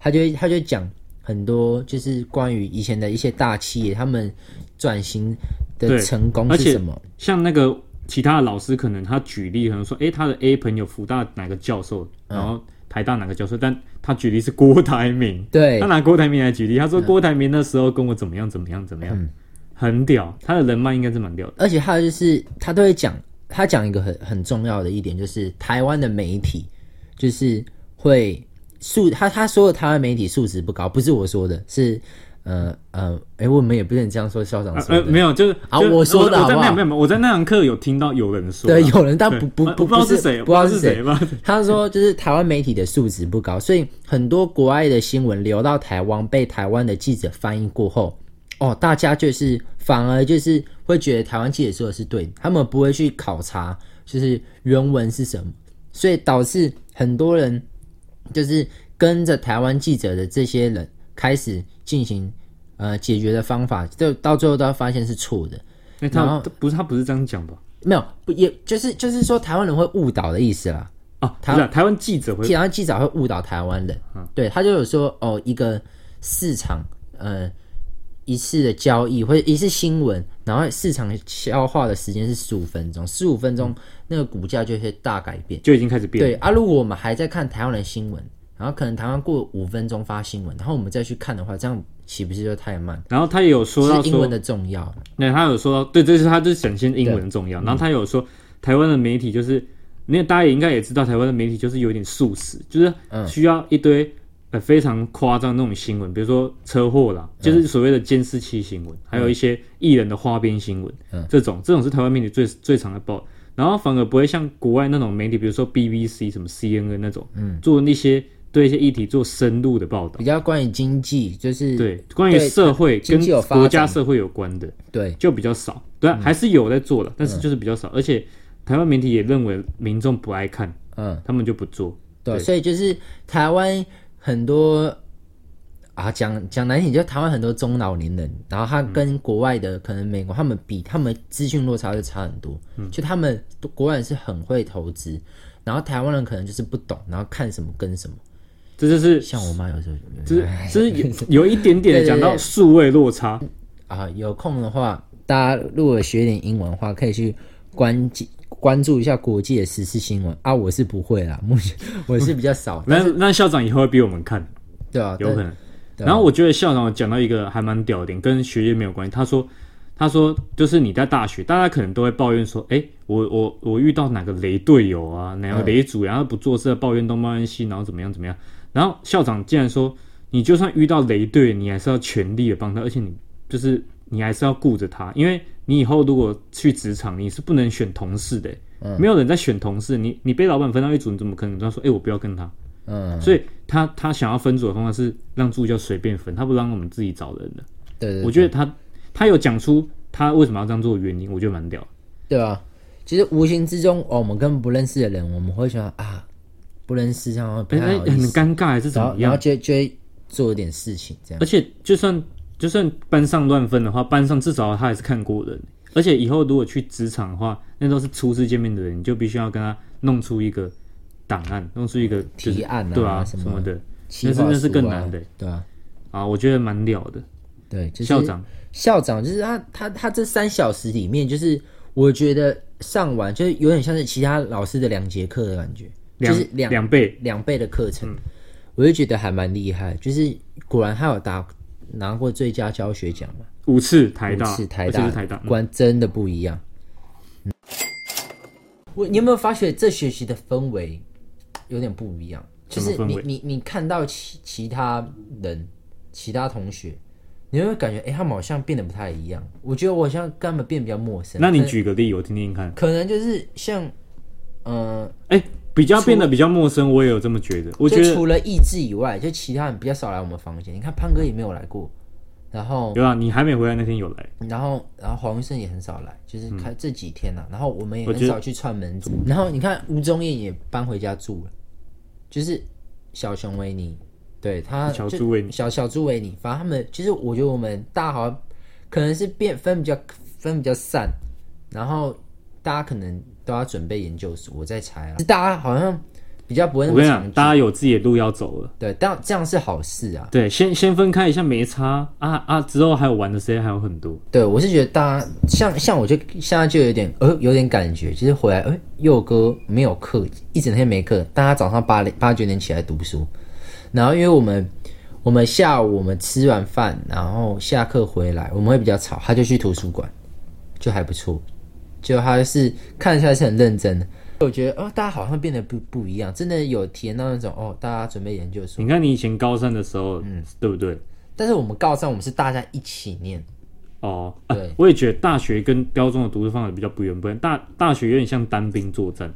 他就他就講很多，就是關於以前的一些大企業他們轉型的成功是什麼。像那個其他的老師，可能他舉例，可能說，哎，他的 A 朋友輔大了哪個教授，嗯、然後。台大哪個教授，但他舉例是郭台銘。對，他拿郭台銘來舉例，他說郭台銘那時候跟我怎麼樣、嗯、怎麼樣怎麼樣，很屌，他的人脈應該是蠻屌的。而且他就是他都會講，他講一個很很重要的一點，就是台灣的媒體就是會素，他他說的台灣媒體素質不高，不是我說的，是。呃呃，哎、呃欸，我們也不能這樣說校長說，說、呃呃，沒有，就是啊就，我說的話，沒有沒有沒有，我在那堂課有聽到有人說，對，有人，但不不不不知道是誰，不知道是誰嗎？ 他說，就是台灣媒體的素質不高，所以很多國外的新聞流到台灣，被台灣的記者翻譯過後，哦，大家就是反而就是會覺得台灣記者說的是對的，他們不會去考察，就是原文是什麼，所以導致很多人就是跟着台灣記者的這些人開始進行。呃、嗯，解決的方法，就到最後都要發現是錯的。那、欸、他，他不是他不是這樣講吧？沒有，不也就是就是說台灣人會誤導的意思啦。哦、啊，台、啊、台灣記者會，台灣記者會誤導台灣人，啊。對，他就有說哦，一個市場呃一次的交易或者一次新聞，然後市場消化的時間是十五分鐘，十五分鐘那個股價就會大改變，就已經開始變了。對、嗯、啊，如果我們還在看台灣的新聞。然後可能台灣過五分鐘發新聞，然後我們再去看的話，這樣豈不是就太慢？然後他也有說到說英文的重要，那、嗯、他有說到，對，這、就是他就是展現英文的重要。然後他有說、嗯，台灣的媒體就是，那大家也應該也知道，台灣的媒體就是有點速食，就是需要一堆、嗯、呃非常誇張的那種新聞，比如說車禍啦，嗯、就是所謂的監視器新聞、嗯，還有一些藝人的花邊新聞，嗯、這種這種是台灣媒體最最常的報。然後反而不會像國外那種媒體，比如說 B B C 什麼 C N N 那種、嗯，做那些。對一些議題做深入的報道，比較關於經濟，就是對，對關於社會跟國家社會有關的，對就比較少，對、啊嗯、還是有在做了，但是就是比較少，嗯、而且台灣媒體也認為民眾不愛看，嗯，他們就不做，嗯、對,對，所以就是台灣很多啊講講難聽，就台灣很多中老年人，然後他跟國外的、嗯、可能美國他們比他們資訊落差就差很多，嗯、就他們國外人是很會投資，然後台灣人可能就是不懂，然後看什麼跟什麼。這就是像我媽有時候就是就是有有一點點講到數位落差 對對對啊，有空的話，大家如果學點英文的話，可以去關關注一下國際的時事新聞啊。我是不會啦，目前我是比較少。那 那校長以後會逼我們看，對啊，有可能對對。然後我覺得校長講到一個還蠻屌的點，跟學業沒有關係。他說他說就是你在大學，大家可能都會抱怨說，哎，我我我遇到哪個雷隊友啊，哪個雷主、啊嗯，然後不做事，抱怨東抱怨西，然後怎麼樣怎麼樣。然後校長竟然說，你就算遇到雷隊，你還是要全力的幫他，而且你就是你還是要顧着他，因為你以後如果去職場，你是不能選同事的。嗯，沒有人在選同事，你你被老板分到一組，你怎麼可能？他說，哎、欸，我不要跟他。嗯，所以他他想要分組的方法是讓助教隨便分，他不讓我們自己找人的。對、對、對，我覺得他他有講出他為什麼要這樣做的原因，我覺得蠻屌。對啊，其實無形之中，我們跟不認識的人，我們會想啊。不認識的話，然後、欸欸、很尷尬，還怎麼然後就就會做一點事情，這樣。而且就算就算班上亂分的話，班上至少他還是看過人。而且以後如果去職場的話，那都是初次見面的人，你就必須要跟他弄出一個檔案，弄出一個、就是、提案、啊，對啊，什麼，什麼的。其實、啊、那是更難的、欸，對啊。啊，我覺得蠻屌的。對，就是、校長校長就是他，他他這三小時裡面，就是我覺得上完就有點像是其他老師的兩節課的感覺。就是兩兩倍兩倍的課程、嗯，我就覺得還蠻厲害。就是果然他有打拿過最佳教學獎嘛，五次台大，五次台大，台大果然真的不一樣。嗯嗯、我你有沒有發覺這學習的氛圍有點不一樣？就是你你你看到其其他人其他同學，你有沒有感覺哎、欸，他們好像變得不太一樣。我覺得我好像跟他們變得比較陌生。那你舉個例，我聽聽看。可能就是像，嗯、呃，哎、欸。比較變得比較陌生，我也有這麼覺得。我覺得除了意志以外，就其他人比較少來我們房間。你看胖哥也沒有來過，然後對啊，你還沒回來那天有來。然後，然後黃文勝也很少來，就是看這幾天了啊，嗯，然後我們也很少去串門子。然後你看吳宗岳也搬回家住了，就是小熊維尼，對他小豬維尼，小小豬維尼。反正他們，其實、就是、我覺得我們大家好像可能是變分比較分比較散，然後大家可能。都要準備研究所，我在猜啊。大家好像比較不會，我跟你講，大家有自己的路要走了。對，但這樣，這樣是好事啊。對，先先分開一下沒差啊啊，之後還有玩的時間還有很多。對，我是覺得大家像像我就，像我就現在就有點呃有點感覺，其、就是回來哎佑哥沒有課，一整天沒課，大家早上八八九點起來讀書，然後因為我們我們下午我們吃完飯然後下課回來我們會比較吵，他就去圖書館就還不錯。就他是看起來是很認真的，我覺得哦，大家好像變得不不一樣，真的有體驗到那種哦，大家準備研究所。你看你以前高三的時候，嗯，對不對？但是我們高三，我們是大家一起念。哦，對、啊，我也覺得大學跟高中的讀書方法比較不一樣，大大學有點像單兵作戰。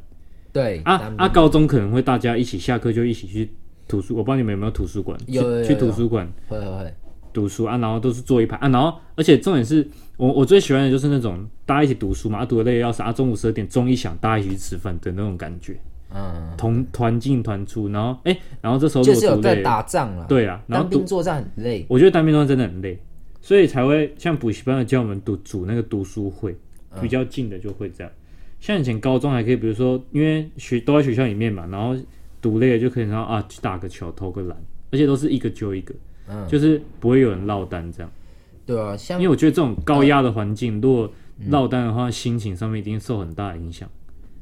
對啊啊，啊高中可能會大家一起下課就一起去圖書，我不知道你們有沒有圖書館，去去圖書館會會讀書，有了有了啊，然後都是坐一排啊，然後而且重點是。我我最喜歡的就是那種大家一起讀書嘛，啊讀的累要啥，啊中午十二點鐘一響，大家一起去吃飯的那種感覺，嗯，同團進團出，然後哎、欸，然後這時候就是有在打仗了，對啊，單兵作戰很累，我覺得單兵作戰真的很累，所以才會像補習班的教我們讀組那個讀書會，比較近的就會這樣，嗯、像以前高中還可以，比如說因為學都在學校裡面嘛，然後讀累了就可以然後啊去打個球，偷個懶，而且都是一個就一個，嗯，就是不會有人落單這樣。嗯嗯對啊像，因為我覺得這種高壓的環境，如果落單的話、嗯，心情上面一定受很大影響，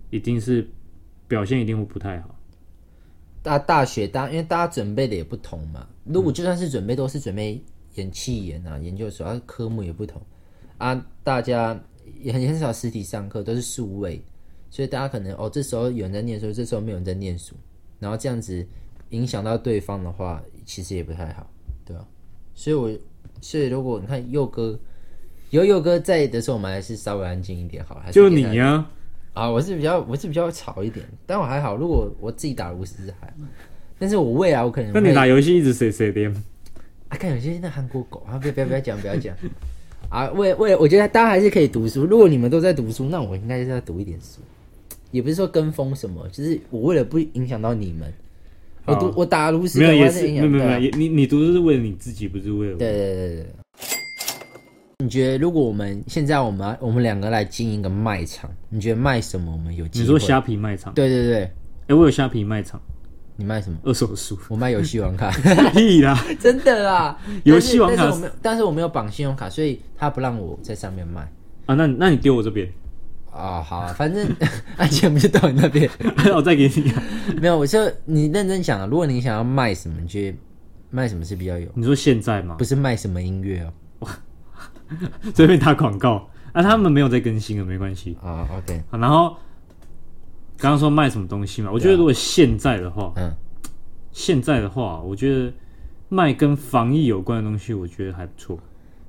一定是表現一定會不太好。大大學大，因為大家準備的也不同嘛。如果就算是準備，都是準備演戲、啊、演、嗯、啊，研究所，所、啊、要科目也不同啊。大家也很很少實體上課，都是數位，所以大家可能哦，這時候有人在念書，這時候沒有人在念書，然後這樣子影響到對方的話，其實也不太好，對啊。所以我。所以，如果你看佑哥有佑哥在的時候，我們還是稍微安靜一點好，還是。就你呀、啊，啊，我是比較我是比較吵一點，但我還好。如果我自己打五十隻還。但是我未來我可能……那你打遊戲一直誰誰癲？啊，看有些那韓國狗啊，不要不要不要講不要講 啊！為為，我覺得大家還是可以讀書。如果你們都在讀書，那我應該是要讀一點書，也不是說跟風什麼，就是我為了不影響到你們。我讀，我打爐石。沒有，也是，沒有，沒有，沒有，你你讀都是為了你自己，不是為了我。對對對對，對，你覺得如果我們現在我們我們兩個來經營個賣場，你覺得賣什麼？我們有你說蝦皮賣場。對對對，哎、欸，我有蝦皮賣場。你賣什麼？二手書。我賣遊戲王卡。可以啦，真的啦。遊戲王卡但但，但是我沒有綁信用卡，所以他不讓我在上面賣。啊，那那你丟我這邊。啊、哦，好啊，反正愛、 啊、我不是到你那邊， 我再給你。沒有，我就你認真講。如果你想要賣什麼，就賣什麼是比較有。你說現在嗎？不是賣什麼音樂哦。這邊打廣告，啊，他們沒有在更新啊，沒關係。好啊，OK。然後剛剛說賣什麼東西嘛？我覺得如果現在的話，嗯、啊，現在的話、嗯，我覺得賣跟防疫有關的東西，我覺得還不錯。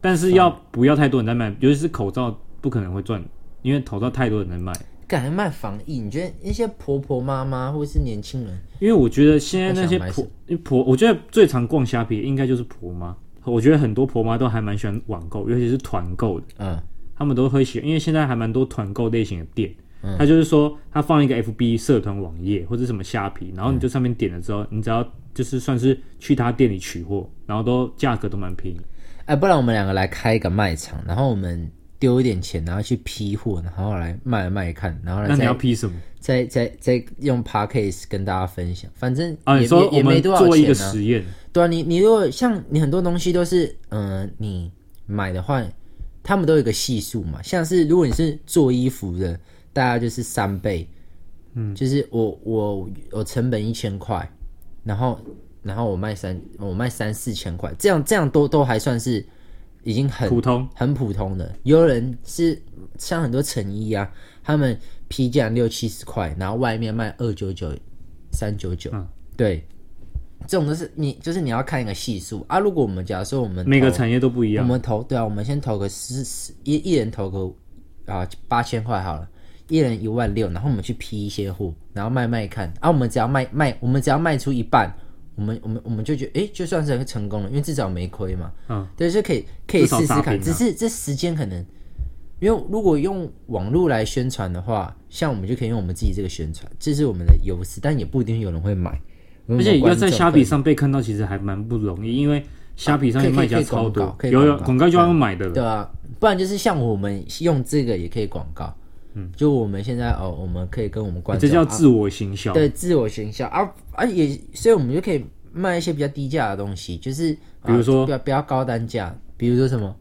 但是要不要太多人在賣，嗯、尤其是口罩，不可能會賺。因為投到，太多人在賣，感覺賣防疫，你覺得一些婆婆媽媽或者是年輕人？因為我覺得現在那些婆婆，我覺得最常逛蝦皮應該就是婆媽。我覺得很多婆媽都還蠻喜歡網購，尤其是團購的。嗯，他們都會喜歡，因為現在還蠻多團購類型的店，他、嗯、就是說他放一個 FB 社團網頁或者什麼蝦皮，然後你就上面點了之後，嗯、你只要就是算是去他店裡取貨，然後都價格都蠻便宜。哎、欸，不然我們兩個來開一個賣場，然後我們。.丟一點錢，然後去批貨，然後來賣一賣一看，然後來再再再，再，再用 Podcast 跟大家分享。反正也啊，也說我們也也沒多少錢、啊、做一個實驗，對啊，你你如果像你很多東西都是嗯、呃，你買的話，他們都有個係數嘛。像是如果你是做衣服的，大概就是三倍，嗯，就是我我我成本一千塊，然後然後我賣三我賣三四千塊，這樣這樣都都還算是。已經很普通，很普通的，有人是像很多成衣啊，他們批價六七十塊，然後外面賣二九九、三九九。嗯，對，這種都是你，就是你要看一個係數啊。如果我們假設我們每個產業都不一樣，我們投，對啊，我們先投個十十一，一人投個啊八千塊好了，一人一萬六，然後我們去批一些貨，然後賣賣看，啊，我們只要賣賣，我們只要賣出一半。我們我們我們就覺得，哎、欸，就算是成功了，因為至少沒虧嘛。嗯，對，就可以可以試試看，啊，只是這時間可能，因為如果用網絡來宣傳的話，像我們就可以用我們自己這個宣傳，這是我們的優勢，但也不一定有人會買。而且要在蝦皮上被看到，其實還蠻不容易，因為蝦皮上有賣家超多，有、啊、有，廣告就要買的，嗯，對啊，不然就是像我們用這個也可以廣告。嗯，就我們現在哦，我們可以跟我們關注、欸、這叫自我行銷、啊。對，自我行銷啊啊，啊也，所以我們就可以賣一些比較低價的東西，就是比如說，比比較高單價，比如說什麼？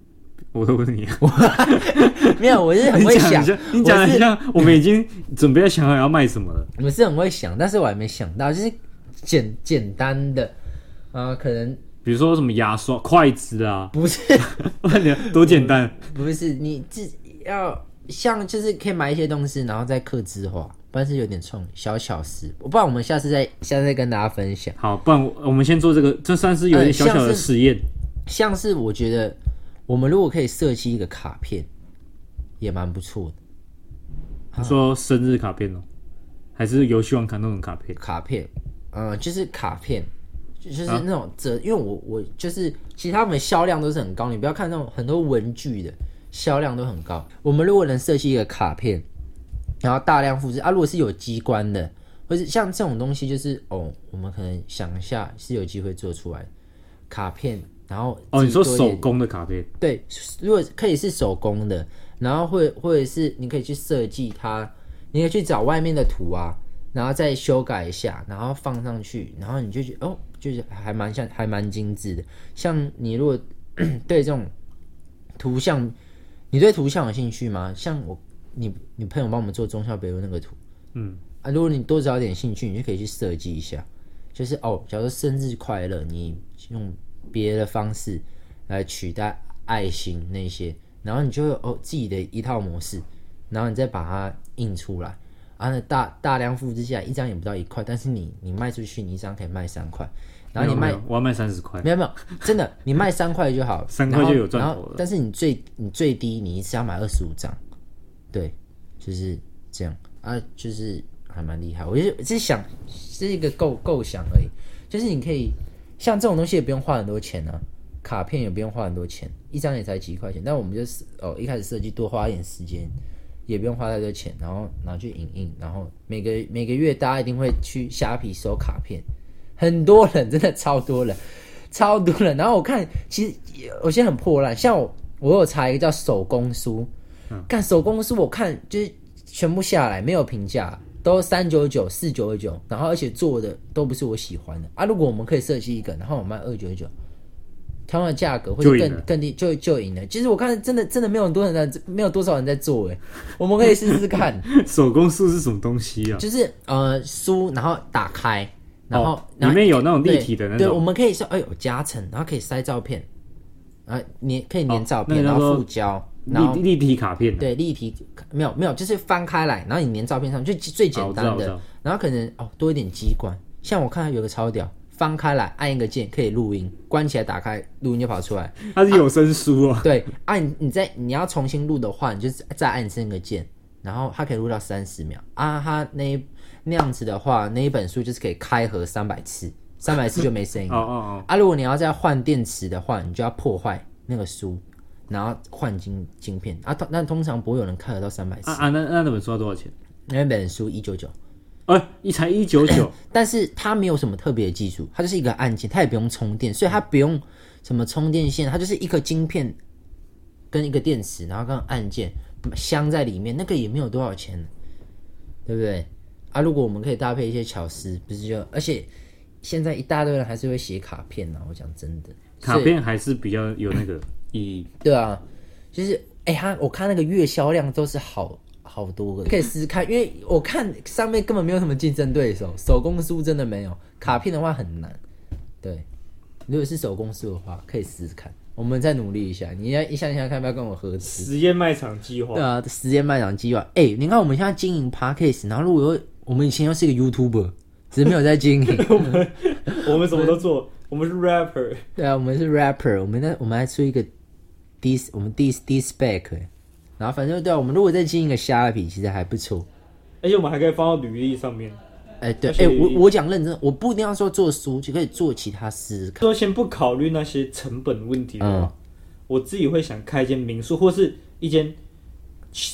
我都問你、啊，我 沒有，我是很會想。你講一下，我,一下我, 我們已經準備要想想要賣什麼了。我們是很會想，但是我還沒想到，就是簡簡單的啊，可能比如說什麼牙刷、筷子啊，不是？你 看多簡單，不是？你只要。像就是可以買一些東西，然後再客製化，不然是有點創小巧思。我不然我們下次再下次再跟大家分享。好，不然我我們先做這個，這算是有點小小的實驗、呃。像是我覺得，我們如果可以設計一個卡片，也蠻不錯的。他說生日卡片哦、喔啊，還是遊戲王卡那種卡片？卡片，嗯，就是卡片，就是那種折、啊，因為我我就是，其實他們銷量都是很高。你不要看那種很多文具的。銷量都很高。我們如果能設計一個卡片，然後大量複製啊，如果是有機關的，或是像這種東西，就是哦、喔，我們可能想一下是有機會做出來卡片。然後哦，你說手工的卡片？對，如果可以是手工的，然後或或者是你可以去設計它，你可以去找外面的圖啊，然後再修改一下，然後放上去，然後你就覺得哦、喔，就是還蠻像，還蠻精緻的。像你如果對這種圖像。你對圖像有興趣嗎？像我，你你朋友幫我們做中笑北錄那個圖，嗯啊，如果你多找點興趣，你就可以去設計一下，就是哦，假如生日快樂，你用別的方式來取代愛心那些，然後你就會有哦自己的一套模式，然後你再把它印出來。然、啊、後大大量複製下來，一張也不到一塊，但是你你賣出去，你一張可以賣三塊，然後你賣沒有沒有我要賣三十塊，沒有沒有，真的你賣三塊就好，三 塊就有賺頭了，然後然後。但是你最你最低你一次要買二十五張，對，就是這樣啊，就是還蠻厲害。我是我是想是一個構構想而已，就是你可以像這種東西也不用花很多錢啊，卡片也不用花很多錢，一張也才幾塊錢。但我們就是哦一開始設計多花一點時間。也不用花太多錢，然後拿去影印，然後每個每個月大家一定會去蝦皮收卡片，很多人真的超多人，超多人。然後我看，其實我現在很破爛，像我，我有查一個叫手工書，看、嗯、手工書我看就是全部下來沒有評價，都三九九、四九九，然後而且做的都不是我喜歡的啊。如果我們可以設計一個，然後我賣二九九。他們的價格會更更低，就就贏了。其實我看真的真的沒有很多人在，沒有多少人在做誒、欸。我們可以試試看。 手工書是什麼東西啊？就是呃書，然後打開，然後、哦、裡面有那種立體的那種。對，對我們可以說哦有夾層，然後可以塞照片，啊，粘可以粘、哦、照片，然後塑膠，然後立，立體卡片。對，立體沒有沒有，就是翻開來，然後你粘照片上，就最簡單的。啊、然後可能哦多一點機關，像我看有個超屌。翻開來，按一個鍵可以錄音，關起來打開錄音就跑出來，它是有聲書啊。對，按、啊、你在你要重新錄的話，你就再按一個鍵，然後它可以錄到三十秒啊。它那一、那樣子的話，那一本書就是可以開合三百次，三百次就沒聲音。哦哦哦。啊，如果你要再換電池的話，你就要破壞那個書，然後換晶晶片啊。通、那通常不會有人開得到三百次。啊，那那本書要多少錢？那本書一九九。哎，一才一九九，但是它沒有什麼特別的技術，它就是一個按鍵，它也不用充電，所以它不用什麼充電線，它就是一顆晶片跟一個電池，然後跟按鍵鑲在裡面，那個也沒有多少錢，對不對？啊，如果我們可以搭配一些巧思，不是就而且現在一大堆人還是會寫卡片吶、啊，我講真的，卡片還是比較有那個意義。對啊，就是哎，他、欸、我看那個月銷量都是好。好多個 可以試試看，因為我看上面根本沒有什麼競爭對手。手工書真的沒有，卡片的話很難。對，如果是手工書的話，可以試試看。我們再努力一下。你要一下一下看，要不要跟我合作。實驗賣場計劃。對啊，實驗賣場計劃。哎、欸，你看我們現在經營 Podcast，然後如果我們以前又是個 YouTuber，只是沒有在經營。 我們 我們什麼都做，我們是 rapper。對啊，我們是 rapper。我們呢，我們還出一個 dis，我們 dis dis back。然後反正對啊，我們如果再經營個蝦皮，其實還不錯。而且我們還可以放到履歷上面。哎，對，哎，我我講認真，我不一定要說做書，就可以做其他事。說先不考慮那些成本問題了，嗯，我自己會想開一間民宿或是一間。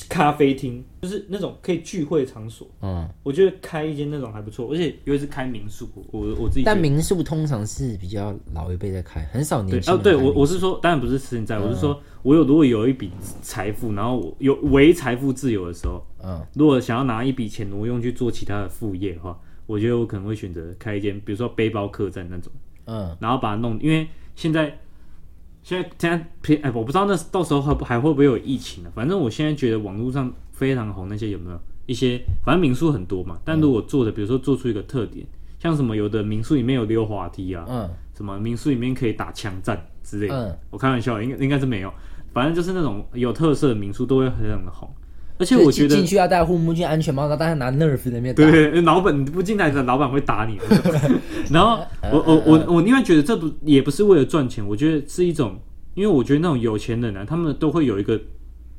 咖啡廳就是那種可以聚會的場所，嗯，我覺得開一間那種還不錯，而且尤其是開民宿，我我自己。但民宿通常是比較老一輩在開，很少年輕。對，哦，啊，對，我我是說，當然不是現在，嗯，我是說，我有如果有一筆財富，然後有，有為財富自由的時候，嗯，如果想要拿一筆錢挪用去做其他的副業的話，我覺得我可能會選擇開一間，比如說背包客棧那種，嗯，然後把它弄，因為現在。現在現在哎，我不知道那到時候還還會不會有疫情啊，反正我現在覺得網絡上非常紅那些有沒有一些，反正民宿很多嘛。但如果做的、嗯、比如說做出一個特點，像什麼有的民宿裡面有溜滑梯啊，嗯，什麼民宿裡面可以打槍戰之類的、嗯，我開玩笑，應該應該是沒有。反正就是那種有特色的民宿都會非常的紅。而且我覺得進去要戴護目鏡、安全帽，那大家拿 nerf 的面具。對，因為老闆不進來，老闆會打你。 然後我我我我另外覺得這不也不是為了賺錢，我覺得是一種，因為我覺得那種有錢人、啊、他們都會有一個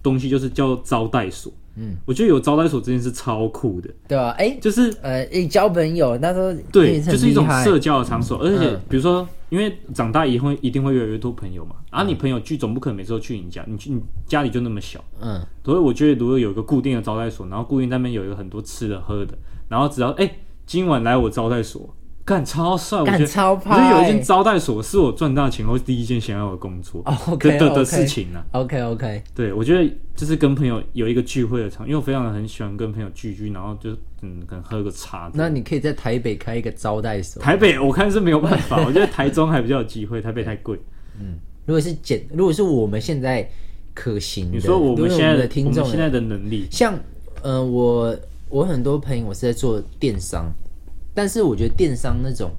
東西，就是叫招待所。嗯，我覺得有招待所這件事是超酷的，對吧、啊？哎、欸，就是呃，交朋友那時候對，就是一種社交的場所，嗯、而且、嗯、比如說。因為長大以後，一定會越來越多朋友嘛，而、啊、你朋友去總不可能每次都去你家，你去你家裡就那麼小，嗯，所以我覺得如果有一個固定的招待所，然後固定那邊有一個很多吃的喝的，然後只要哎、欸、今晚來我招待所。幹，超帥。我覺得超怕、欸、有一間招待所是我賺大錢後第一件想要的工作，oh, okay, 的、okay. 的事情呢、啊。OK OK，對，我覺得就是跟朋友有一個聚會的場，因為我非常很喜歡跟朋友聚聚，然後就嗯，可能喝個茶。那你可以在台北開一個招待所。台北我看是沒有辦法， 我覺得台中還比較有機會，台北太貴。嗯，如果是簡，如果是我們現在可行，你說我們現在們的聽眾現在的能力，像呃，我我很多朋友我是在做電商。但是我覺得電商那種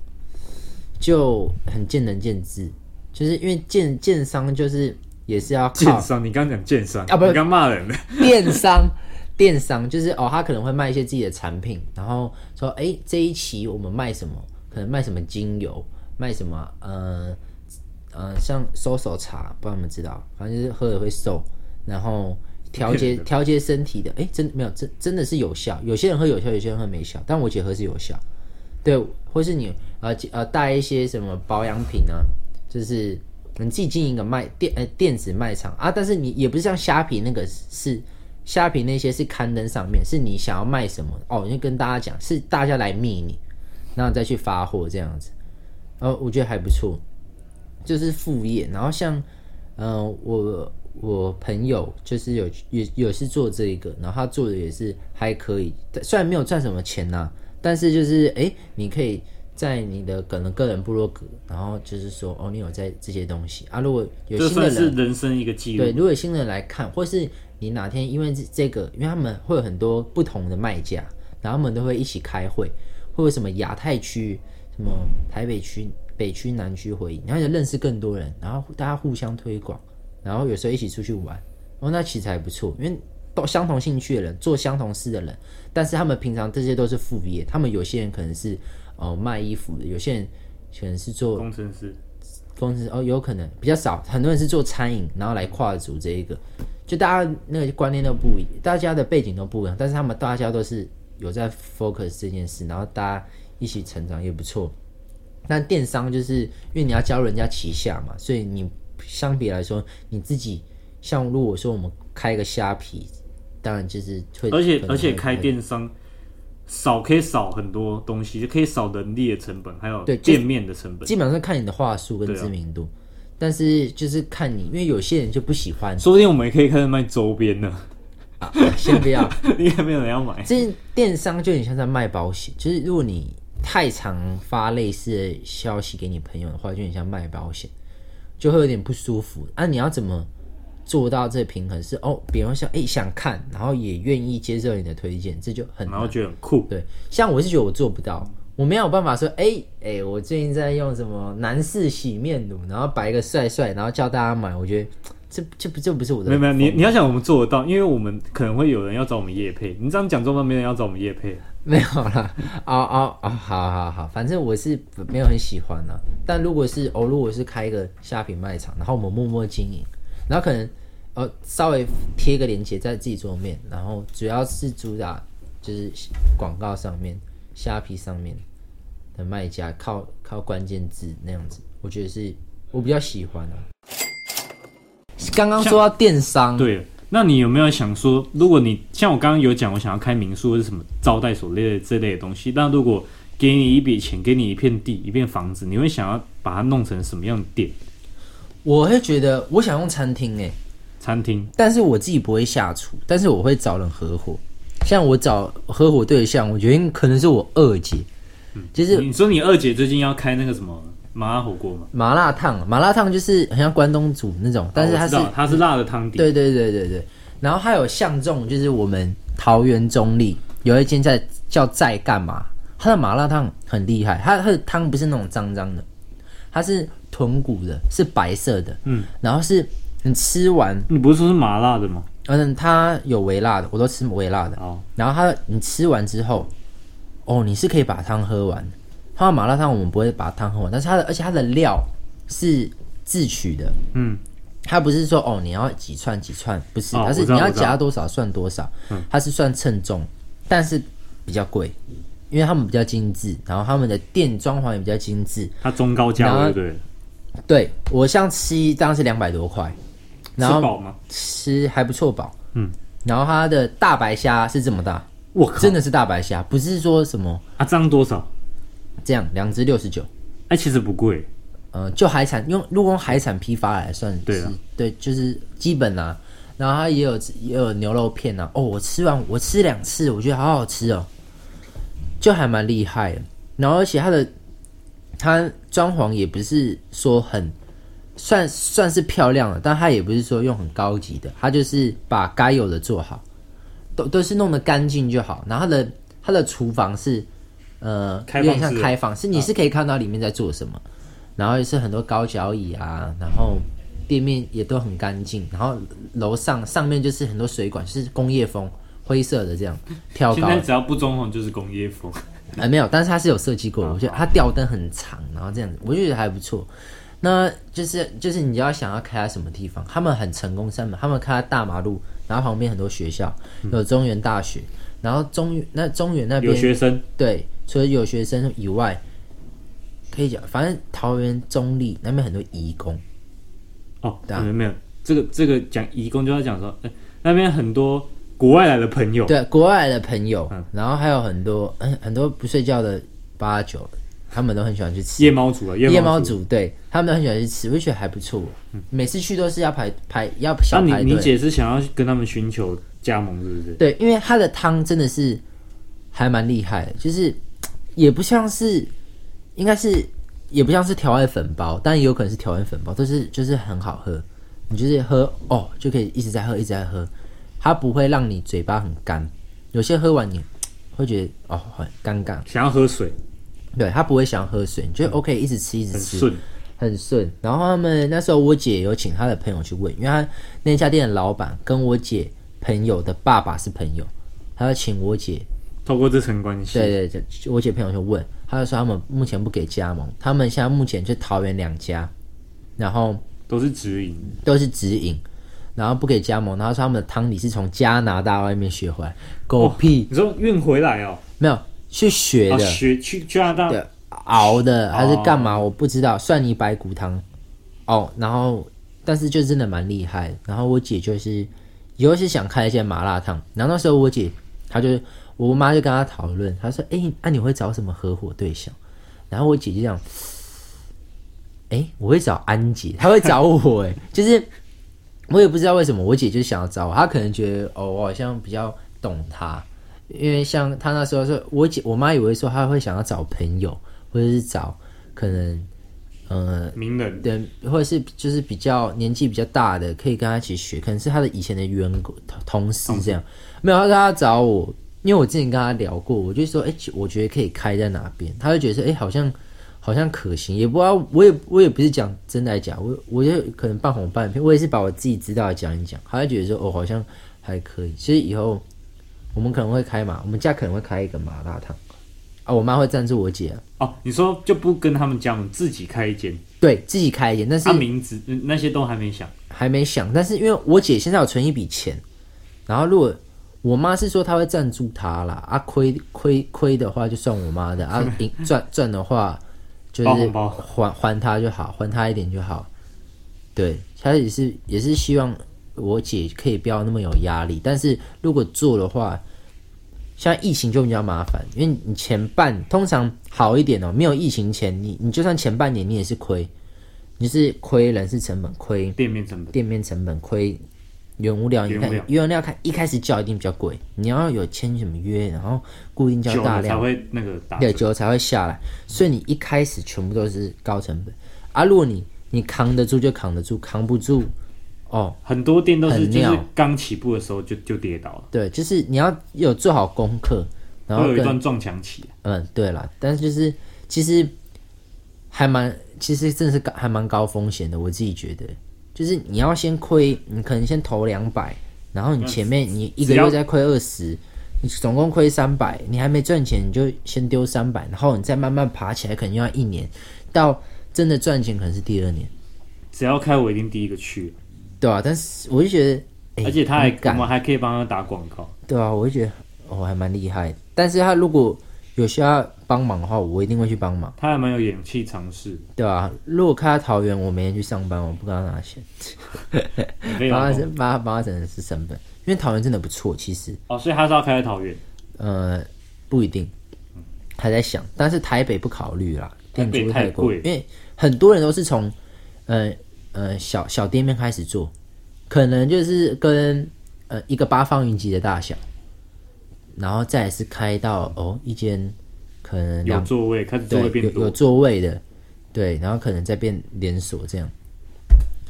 就很見仁見智，就是因為建建商就是也是要靠建商。你剛講建商啊不？不你剛罵人了？電商 電商就是哦，他可能會賣一些自己的產品，然後說哎、欸，這一期我們賣什麼？可能賣什麼精油，賣什麼呃呃，像搜索茶，不知道你們知道，反正就是喝了會瘦，然後調節調節身體的。哎、欸，真的沒有真的真的是有效，有些人喝有效，有些人喝沒效，但我姐喝是有效。對，或是你呃呃帶一些什麼保養品啊，就是你自己經營一個賣電呃電子賣場啊，但是你也不是像蝦皮那個是蝦皮那些，是刊登上面，是你想要賣什麼哦，你就跟大家講，是大家來密你，然後再去發貨這樣子，然後、呃、我覺得還不錯，就是副業。然後像嗯、呃、我我朋友就是有有有是做這一個，然後他做的也是還可以，雖然沒有賺什麼錢吶、啊。但是就是哎、欸，你可以在你的可能個人部落格，然後就是說哦，你有在這些東西啊。如果有新的人，算是人生一個機會。對，如果有新的人來看，或是你哪天因為這個，因為他們會有很多不同的賣家，然後他們都會一起開會，會有什麼亞太區、什麼台北區、北區、南區會議，然後就認識更多人，然後大家互相推廣，然後有時候一起出去玩，哦，那其實還不錯，因為。都相同興趣的人，做相同事的人，但是他們平常這些都是副業。他們有些人可能是哦賣衣服的，有些人可能是做工程師，工程師哦有可能比較少，很多人是做餐飲，然後來跨足這一個。就大家那個觀念都不一，大家的背景都不一樣，但是他們大家都是有在 focus 這件事，然後大家一起成長也不錯。但電商就是因為你要加入人家旗下嘛，所以你相比來說，你自己像如果說我們開一個蝦皮。當然就是會，而且會而且開電商少可，可以少很多東西，就可以少人力的成本，還有店面的成本。基本上看你的話術跟知名度，啊，但是就是看你，因為有些人就不喜歡。說不定我們也可以開始賣周邊呢。啊，先不要，應 該 沒有人要買。這電商就有點像在賣保險，就是如果你太常發類似的消息給你朋友的話，就有點像賣保險，就會有點不舒服啊。你要怎麼？做到這平衡是哦，比方說，哎、欸、想看，然後也願意接受你的推薦，這就很然後覺得很酷。對，像我是覺得我做不到，我沒有辦法說哎哎、欸欸，我最近在用什麼男士洗面乳，然後擺一個帥帥，然後叫大家買。我覺得這這不這，這不是我的。沒有沒有，你你要想我們做得到，因為我們可能會有人要找我們業配。你這樣講，中文，沒人要找我們業配。沒有啦，哦 哦哦，哦哦好，好好好，反正我是沒有很喜歡啦。但如果是哦，如果是開一個蝦皮賣場，然後我們默默經營，然後可能。稍微貼個連結，在自己桌面，然後主要是主打就是廣告上面、蝦皮上面的賣家靠靠關鍵字那樣子，我覺得是我比較喜歡的。剛剛說到電商，對，那你有沒有想說，如果你像我剛剛有講，我想要開民宿或者什麼招待所類這類的東西，那如果給你一筆錢，給你一片地、一片房子，你會想要把它弄成什麼樣的店？我會覺得我想用餐廳誒、欸。餐廳，但是我自己不會下廚，但是我會找人合夥。像我找合夥對象，我覺得可能是我二姐。就是、嗯，就是你說你二姐最近要開那個什麼麻辣火鍋嗎？麻辣燙，麻辣燙就是很像關東煮那種，但是它是、哦、知道它是辣的湯底、嗯。對對對對對。然後還有像這種就是我們桃園中立有一間在叫在幹嘛？它的麻辣燙很厲害，它，它的湯不是那種髒脏的，它是豚骨的，是白色的。嗯，然後是。你吃完，你不是說是麻辣的嗎？嗯，它有微辣的，我都吃微辣的啊。Oh. 然後它，你吃完之後，哦，你是可以把湯喝完。它的麻辣燙，我們不會把湯喝完，但是它的而且它的料是自取的，嗯，它不是說哦你要幾串幾串，不是，oh, 它是你要夾多少算多少，嗯，它是算稱重，但是比較貴，因為他們比較精致，然後他們的店裝潢也比較精致，它中高價位對對？對，我像吃一張是兩百多塊。吃飽嗎？吃還不錯，飽，飽嗯。然後它的大白蝦是這麼大，我靠，真的是大白蝦，不是說什麼。它、啊、漲多少？這樣，兩隻六十九。哎，其實不貴。呃，就海產，用如果用海產批發來算是，對啊，對，就是基本啊。然後它也有也有牛肉片啊。哦，我吃完，我吃兩次，我覺得好好吃哦，就還蠻厲害。然後而且它的它裝潢也不是說很。算算是漂亮了，但他也不是說用很高級的，他就是把該有的做好，都都是弄得乾淨就好。然後他的他的廚房是，呃，開放有點像開放式，你是可以看到裡面在做什麼、哦。然後也是很多高腳椅啊，然後店面也都很乾淨。然後樓上上面就是很多水管，就是工業風灰色的這樣。挑高。現在只要不裝潢就是工業風。哎，沒有，但是他是有設計過，哦、我覺得他吊燈很長，然後這樣子，我就覺得還不錯。那就是，就是你要想要開在什麼地方，他們很成功。三門，他們開在大馬路，然後旁邊很多學校，有中原大學，嗯、然後中原那中原那邊有學生，對，除了有學生以外，可以講，反正桃園中壢那邊很多移工。哦，對啊、啊嗯、沒有這個這個講移工就要講說，哎、欸，那邊很多國外來的朋友，對，國外來的朋友，嗯、然後還有很多、嗯、很多不睡覺的八九。他們都很喜歡去吃夜貓族啊，夜貓族對，他們都很喜歡去吃，我覺得還不錯、嗯。每次去都是要排排要小排隊。你姐是想要跟他們尋求加盟，是不是？對，因為他的湯真的是還蠻厲害的，就是也不像是，應該是也不像是調味粉包，但也有可能是調味粉包，都是就是很好喝。你就是喝哦就可以一直在喝，一直在喝，它不會讓你嘴巴很乾。有些喝完你會覺得哦很尷尬，想要喝水。對，他不會想要喝水，你就 OK，一直吃一直吃，很、嗯、順。很順。然後他們那時候，我姐有請她的朋友去問，因為他那家店的老闆跟我姐朋友的爸爸是朋友，他就請我姐透過這層關係。對對對，我姐朋友就問，他就說他們目前不給加盟，他們現在目前就桃園兩家，然後都是直營，都是直營，然後不給加盟。然後他說他們的湯底是從加拿大外面學回來，狗屁，哦、你說運回來哦，沒有。去學的、哦，學去加拿大的熬的，還是幹嘛？我不知道。哦、蒜泥白骨湯哦，oh, 然後但是就真的蠻厲害。然後我姐就是以後是想開一些麻辣燙，然後那時候我姐她就我我媽就跟她討論，她說：“哎，那、啊、你會找什麼合夥對象？”然後我姐就這樣：“哎，我會找安姐，她會找我、欸。”哎，就是我也不知道為什麼，我姐就想要找我，她可能覺得哦，我好像比較懂她。因為像他那時候說，我姐我媽以為說他會想要找朋友，或者是找可能，呃，名人的，對，或者是就是比較年紀比較大的，可以跟他一起學，可能是他的以前的員工同事這樣。沒有，他說他找我，因為我之前跟他聊過，我就說，哎、欸，我覺得可以開在哪邊，他就覺得說，哎、欸，好像好像可行，也不知道，我也我也不是講真的還假，我我就可能半哄半騙，我也是把我自己知道的講一講，他就覺得說，哦，好像還可以，其實以，以後。我們可能會開嘛？我們家可能會開一個麻辣燙啊！我媽會贊助我姐、啊、哦。你說就不跟他們講，自己開一間，對，自己開一間。但是、啊、名字那些都還沒想，還沒想。但是因為我姐現在有存一筆錢，然後如果我媽是說她會贊助她啦，啊，虧虧虧的話就算我媽的啊，賺賺的話就是還還她就好，還她一點就好。對，她也是也是希望。我姐可以不要那麼有壓力，但是如果做的話，像疫情就比較麻煩，因為你前半通常好一點哦、喔。沒有疫情前，你你就算前半年你也是虧，你是虧人事成本，虧店面成本，店面成本虧原物料，你看原，原料看一開始叫一定比較貴，你要有簽什麼約，然後固定叫大量了才會那個打折對，久才會下來，所以你一開始全部都是高成本啊。如果你你扛得住就扛得住，扛不住。哦，很多店都是就是，剛起步的時候就就，就跌倒了。對，就是你要有做好功課，然後有一段撞牆期。嗯，對了，但是就是其實還蠻，其實真的是還蠻高風險的。我自己覺得，就是你要先虧，你可能先投兩百，然後你前面你一個月再虧二十，你總共虧三百，你還沒賺錢，你就先丟三百，然後你再慢慢爬起來，可能要一年，到真的賺錢可能是第二年。只要開，我一定第一個去。對啊，但是我就覺得、欸，而且他還怎麼還可以幫他打廣告？對啊，我就覺得我、哦、還蠻厲害。但是他如果有需要幫忙的話，我一定會去幫忙、嗯。他還蠻有勇氣嘗試。對啊，如果開在桃園，我明天去上班，我不跟他拿錢。幫、嗯、 他，幫他，幫他，真的是成本。因為桃園真的不錯，其實。哦，所以他是要開在桃園？呃，不一定，還在想。但是台北不考慮啦，台北太貴，太貴。因為很多人都是從，嗯、呃。呃，小小店面開始做，可能就是跟呃一個八方雲集的大小，然後再是開到哦一間，可能兩有座位，開始座位變多有，有座位的，對，然後可能再變連鎖，這樣，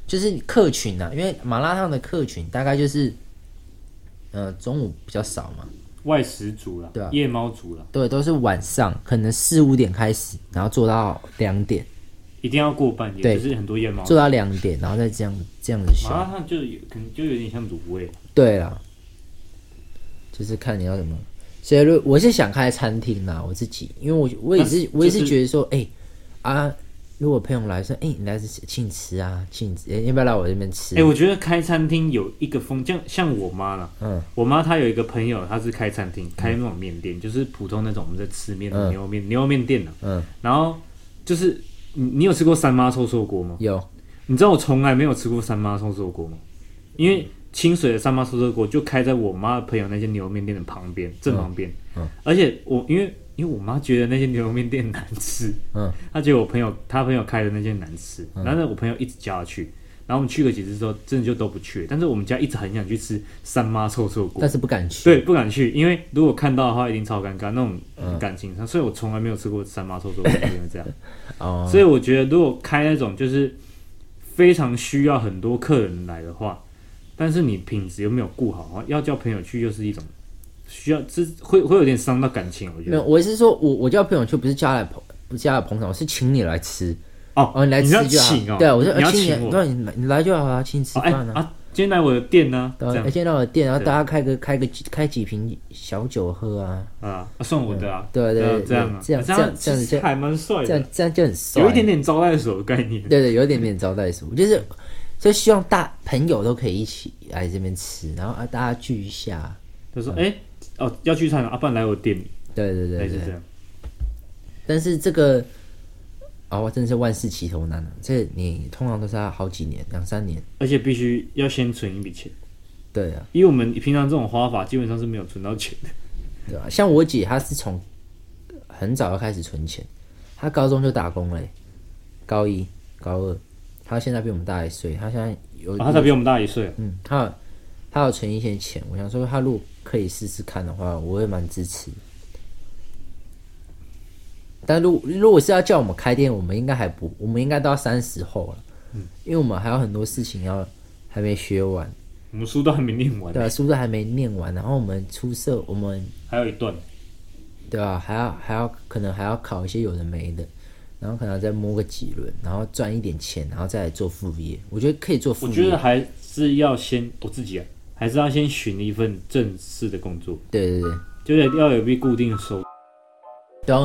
就是客群啊，因為麻辣燙的客群大概就是，呃，中午比較少嘛，外食族了，對啊，夜貓族了，對，都是晚上，可能四五點開始，然後做到兩點。一定要過半夜，不是很多夜貓。做到兩點，然後再這樣這樣子。馬上就有，可能就有點像滷味。對啊，就是看你要怎麼。所以如果，我我是想開餐廳吶，我自己，因為我我也是我也是、就是、我也是覺得說，哎、欸、啊，如果朋友來說，哎、欸，你來吃請你吃啊，請吃，要、欸、不要來我這邊吃？哎、欸，我覺得開餐廳有一個風，像像我媽啦，嗯，我媽她有一個朋友，她是開餐廳，開那種面店、嗯，就是普通那種我們在吃麵的、嗯、牛肉面牛肉麵店了、啊，嗯，然後就是。你你有吃過三媽臭臭鍋嗎？有，你知道我從來沒有吃過三媽臭臭鍋嗎？因為清水的三媽臭臭鍋就開在我媽朋友那間牛肉麵店的旁邊，正旁邊。嗯嗯。而且我因為因為我媽覺得那些牛肉麵店難吃，嗯，她覺得我朋友她朋友開的那間難吃，嗯，然後呢我朋友一直叫我去。然後我們去了幾次之後真的就都不去，但是我們家一直很想去吃三媽臭臭鍋，但是不敢去。對，不敢去，因為如果看到的話，一定超尷尬那種、嗯、感情上，所以我從來沒有吃過三媽臭臭鍋。因 為這樣。 哦，所以我覺得如果開那種就是非常需要很多客人來的話，但是你品質又沒有顧好，要叫朋友去又是一種需要，是會會有點傷到感情。我覺得，沒有，我意思是說我我叫朋友去不加，不是叫來捧，不是叫來捧場，我是請你來吃。哦，你來吃就好。請哦、對啊，我說你要請我，請你我那你你來就好啊，請你吃飯呢、啊哦欸啊。今天來我的店呢、啊欸，今天來我的店，然後大家開個開個開幾瓶小酒喝啊。啊，算、啊、我的啊，對對、對、對，這樣樣這樣其實還蠻帥的。這樣這樣就很帥，有一點點招待所的概念。對、對對，有一點點招待所，就是就希望大朋友都可以一起來這邊吃，然後啊，大家聚一下。他說：“哎，哦，要聚餐了啊，不然來我店裡。”對對對，是這樣。但是這個。啊、哦，真的是萬事起頭難啊！這你通常都是要好幾年，兩三年，而且必須要先存一筆錢。對啊，因為我們平常這種花法基本上是沒有存到錢的，對啊，像我姐，她是從很早就開始存錢，她高中就打工嘞、欸，高一、高二，她現在比我們大一歲，她現在有、啊，她才比我們大一歲，嗯，她有，她有存一些錢，我想說，她如果可以試試看的話，我也蠻支持。但如果如果是要叫我們開店，我們應該還不，我們應該都要三十後了。嗯，因為我們還有很多事情要還沒學完，我們書都還沒念完、欸。對吧，書都還沒念完，然後我們出社，我們還有一段，對吧？還要還要可能還要考一些有的沒的，然後可能要再摸個幾輪，然後賺一點錢，然後再來做副業。我覺得可以做副業，我覺得還是要先我自己、啊、還是要先尋一份正式的工作。對對對，就是要有一筆固定收。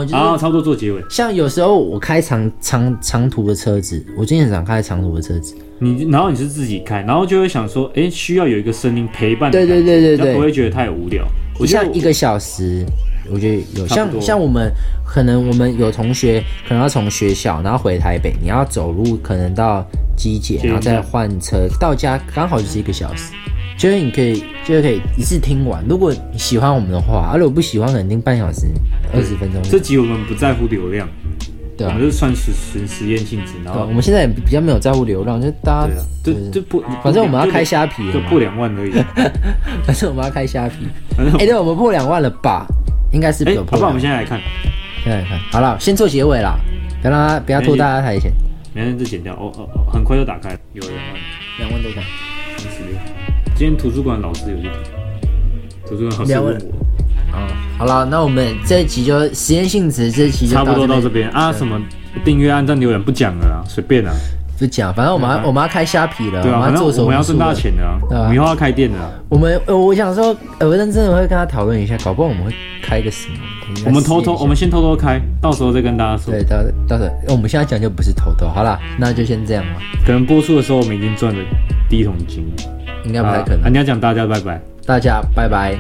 然後就差不多做結尾。像有時候我開長長長途的車子，我最近很常開長途的車子，你然後你是自己開，然後就會想說，哎、欸，需要有一個聲音陪伴，對對對對，對不會覺得太無聊像。像一個小時，我覺得有像像我們可能我們有同學可能要從學校然後回台北，你要走路可能到機捷，然後再換車家到家，剛好就是一個小時。就是你可以，就是可以一次聽完。如果你喜歡我們的話，啊、如果不喜歡，肯定半小時、二十分鐘。這集我們不在乎流量，對吧，啊？我們就算是純實驗性質，對啊、然後對、啊嗯、我們現在也比較沒有在乎流量，就大家對、啊，這、就是、不，反正我們要開蝦皮就，就破兩萬而已。 反正我們要開蝦皮，哎，欸、對、啊，我們破兩萬了吧？應該是沒有破。好吧，我們現在來看，現在來看好了，先做結尾啦，不要讓他，不要拖大家太前，名就剪掉，哦哦，哦很快就打開有兩萬，兩萬多張。今天圖書館老師有一題圖書館老師、哦，好像問我。啊，好了，那我們這期就實驗性質、嗯，這期就這差不多到這邊啊。什麼訂閱按贊留言不講了啊，隨便啊。不講，反正我們、嗯啊、我們要開蝦皮了啊，對啊，我做手，反正我們要賺大錢的啊，對啊，我們以後要開店的、啊啊啊。我們，我想說，欸、我認真的會跟他討論一下，搞不好我們會開一個什麼我。我們偷偷，我們先偷偷開，到時候再跟大家說。對，到到時候，我們現在講就不是偷偷。好了，那就先這樣吧。可能播出的時候，我們已經賺了第一桶金了。應該不太可能。啊啊、你要講，大家拜拜。大家拜拜。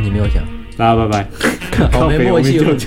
你沒有講。大家拜拜。好 沒默契，又講。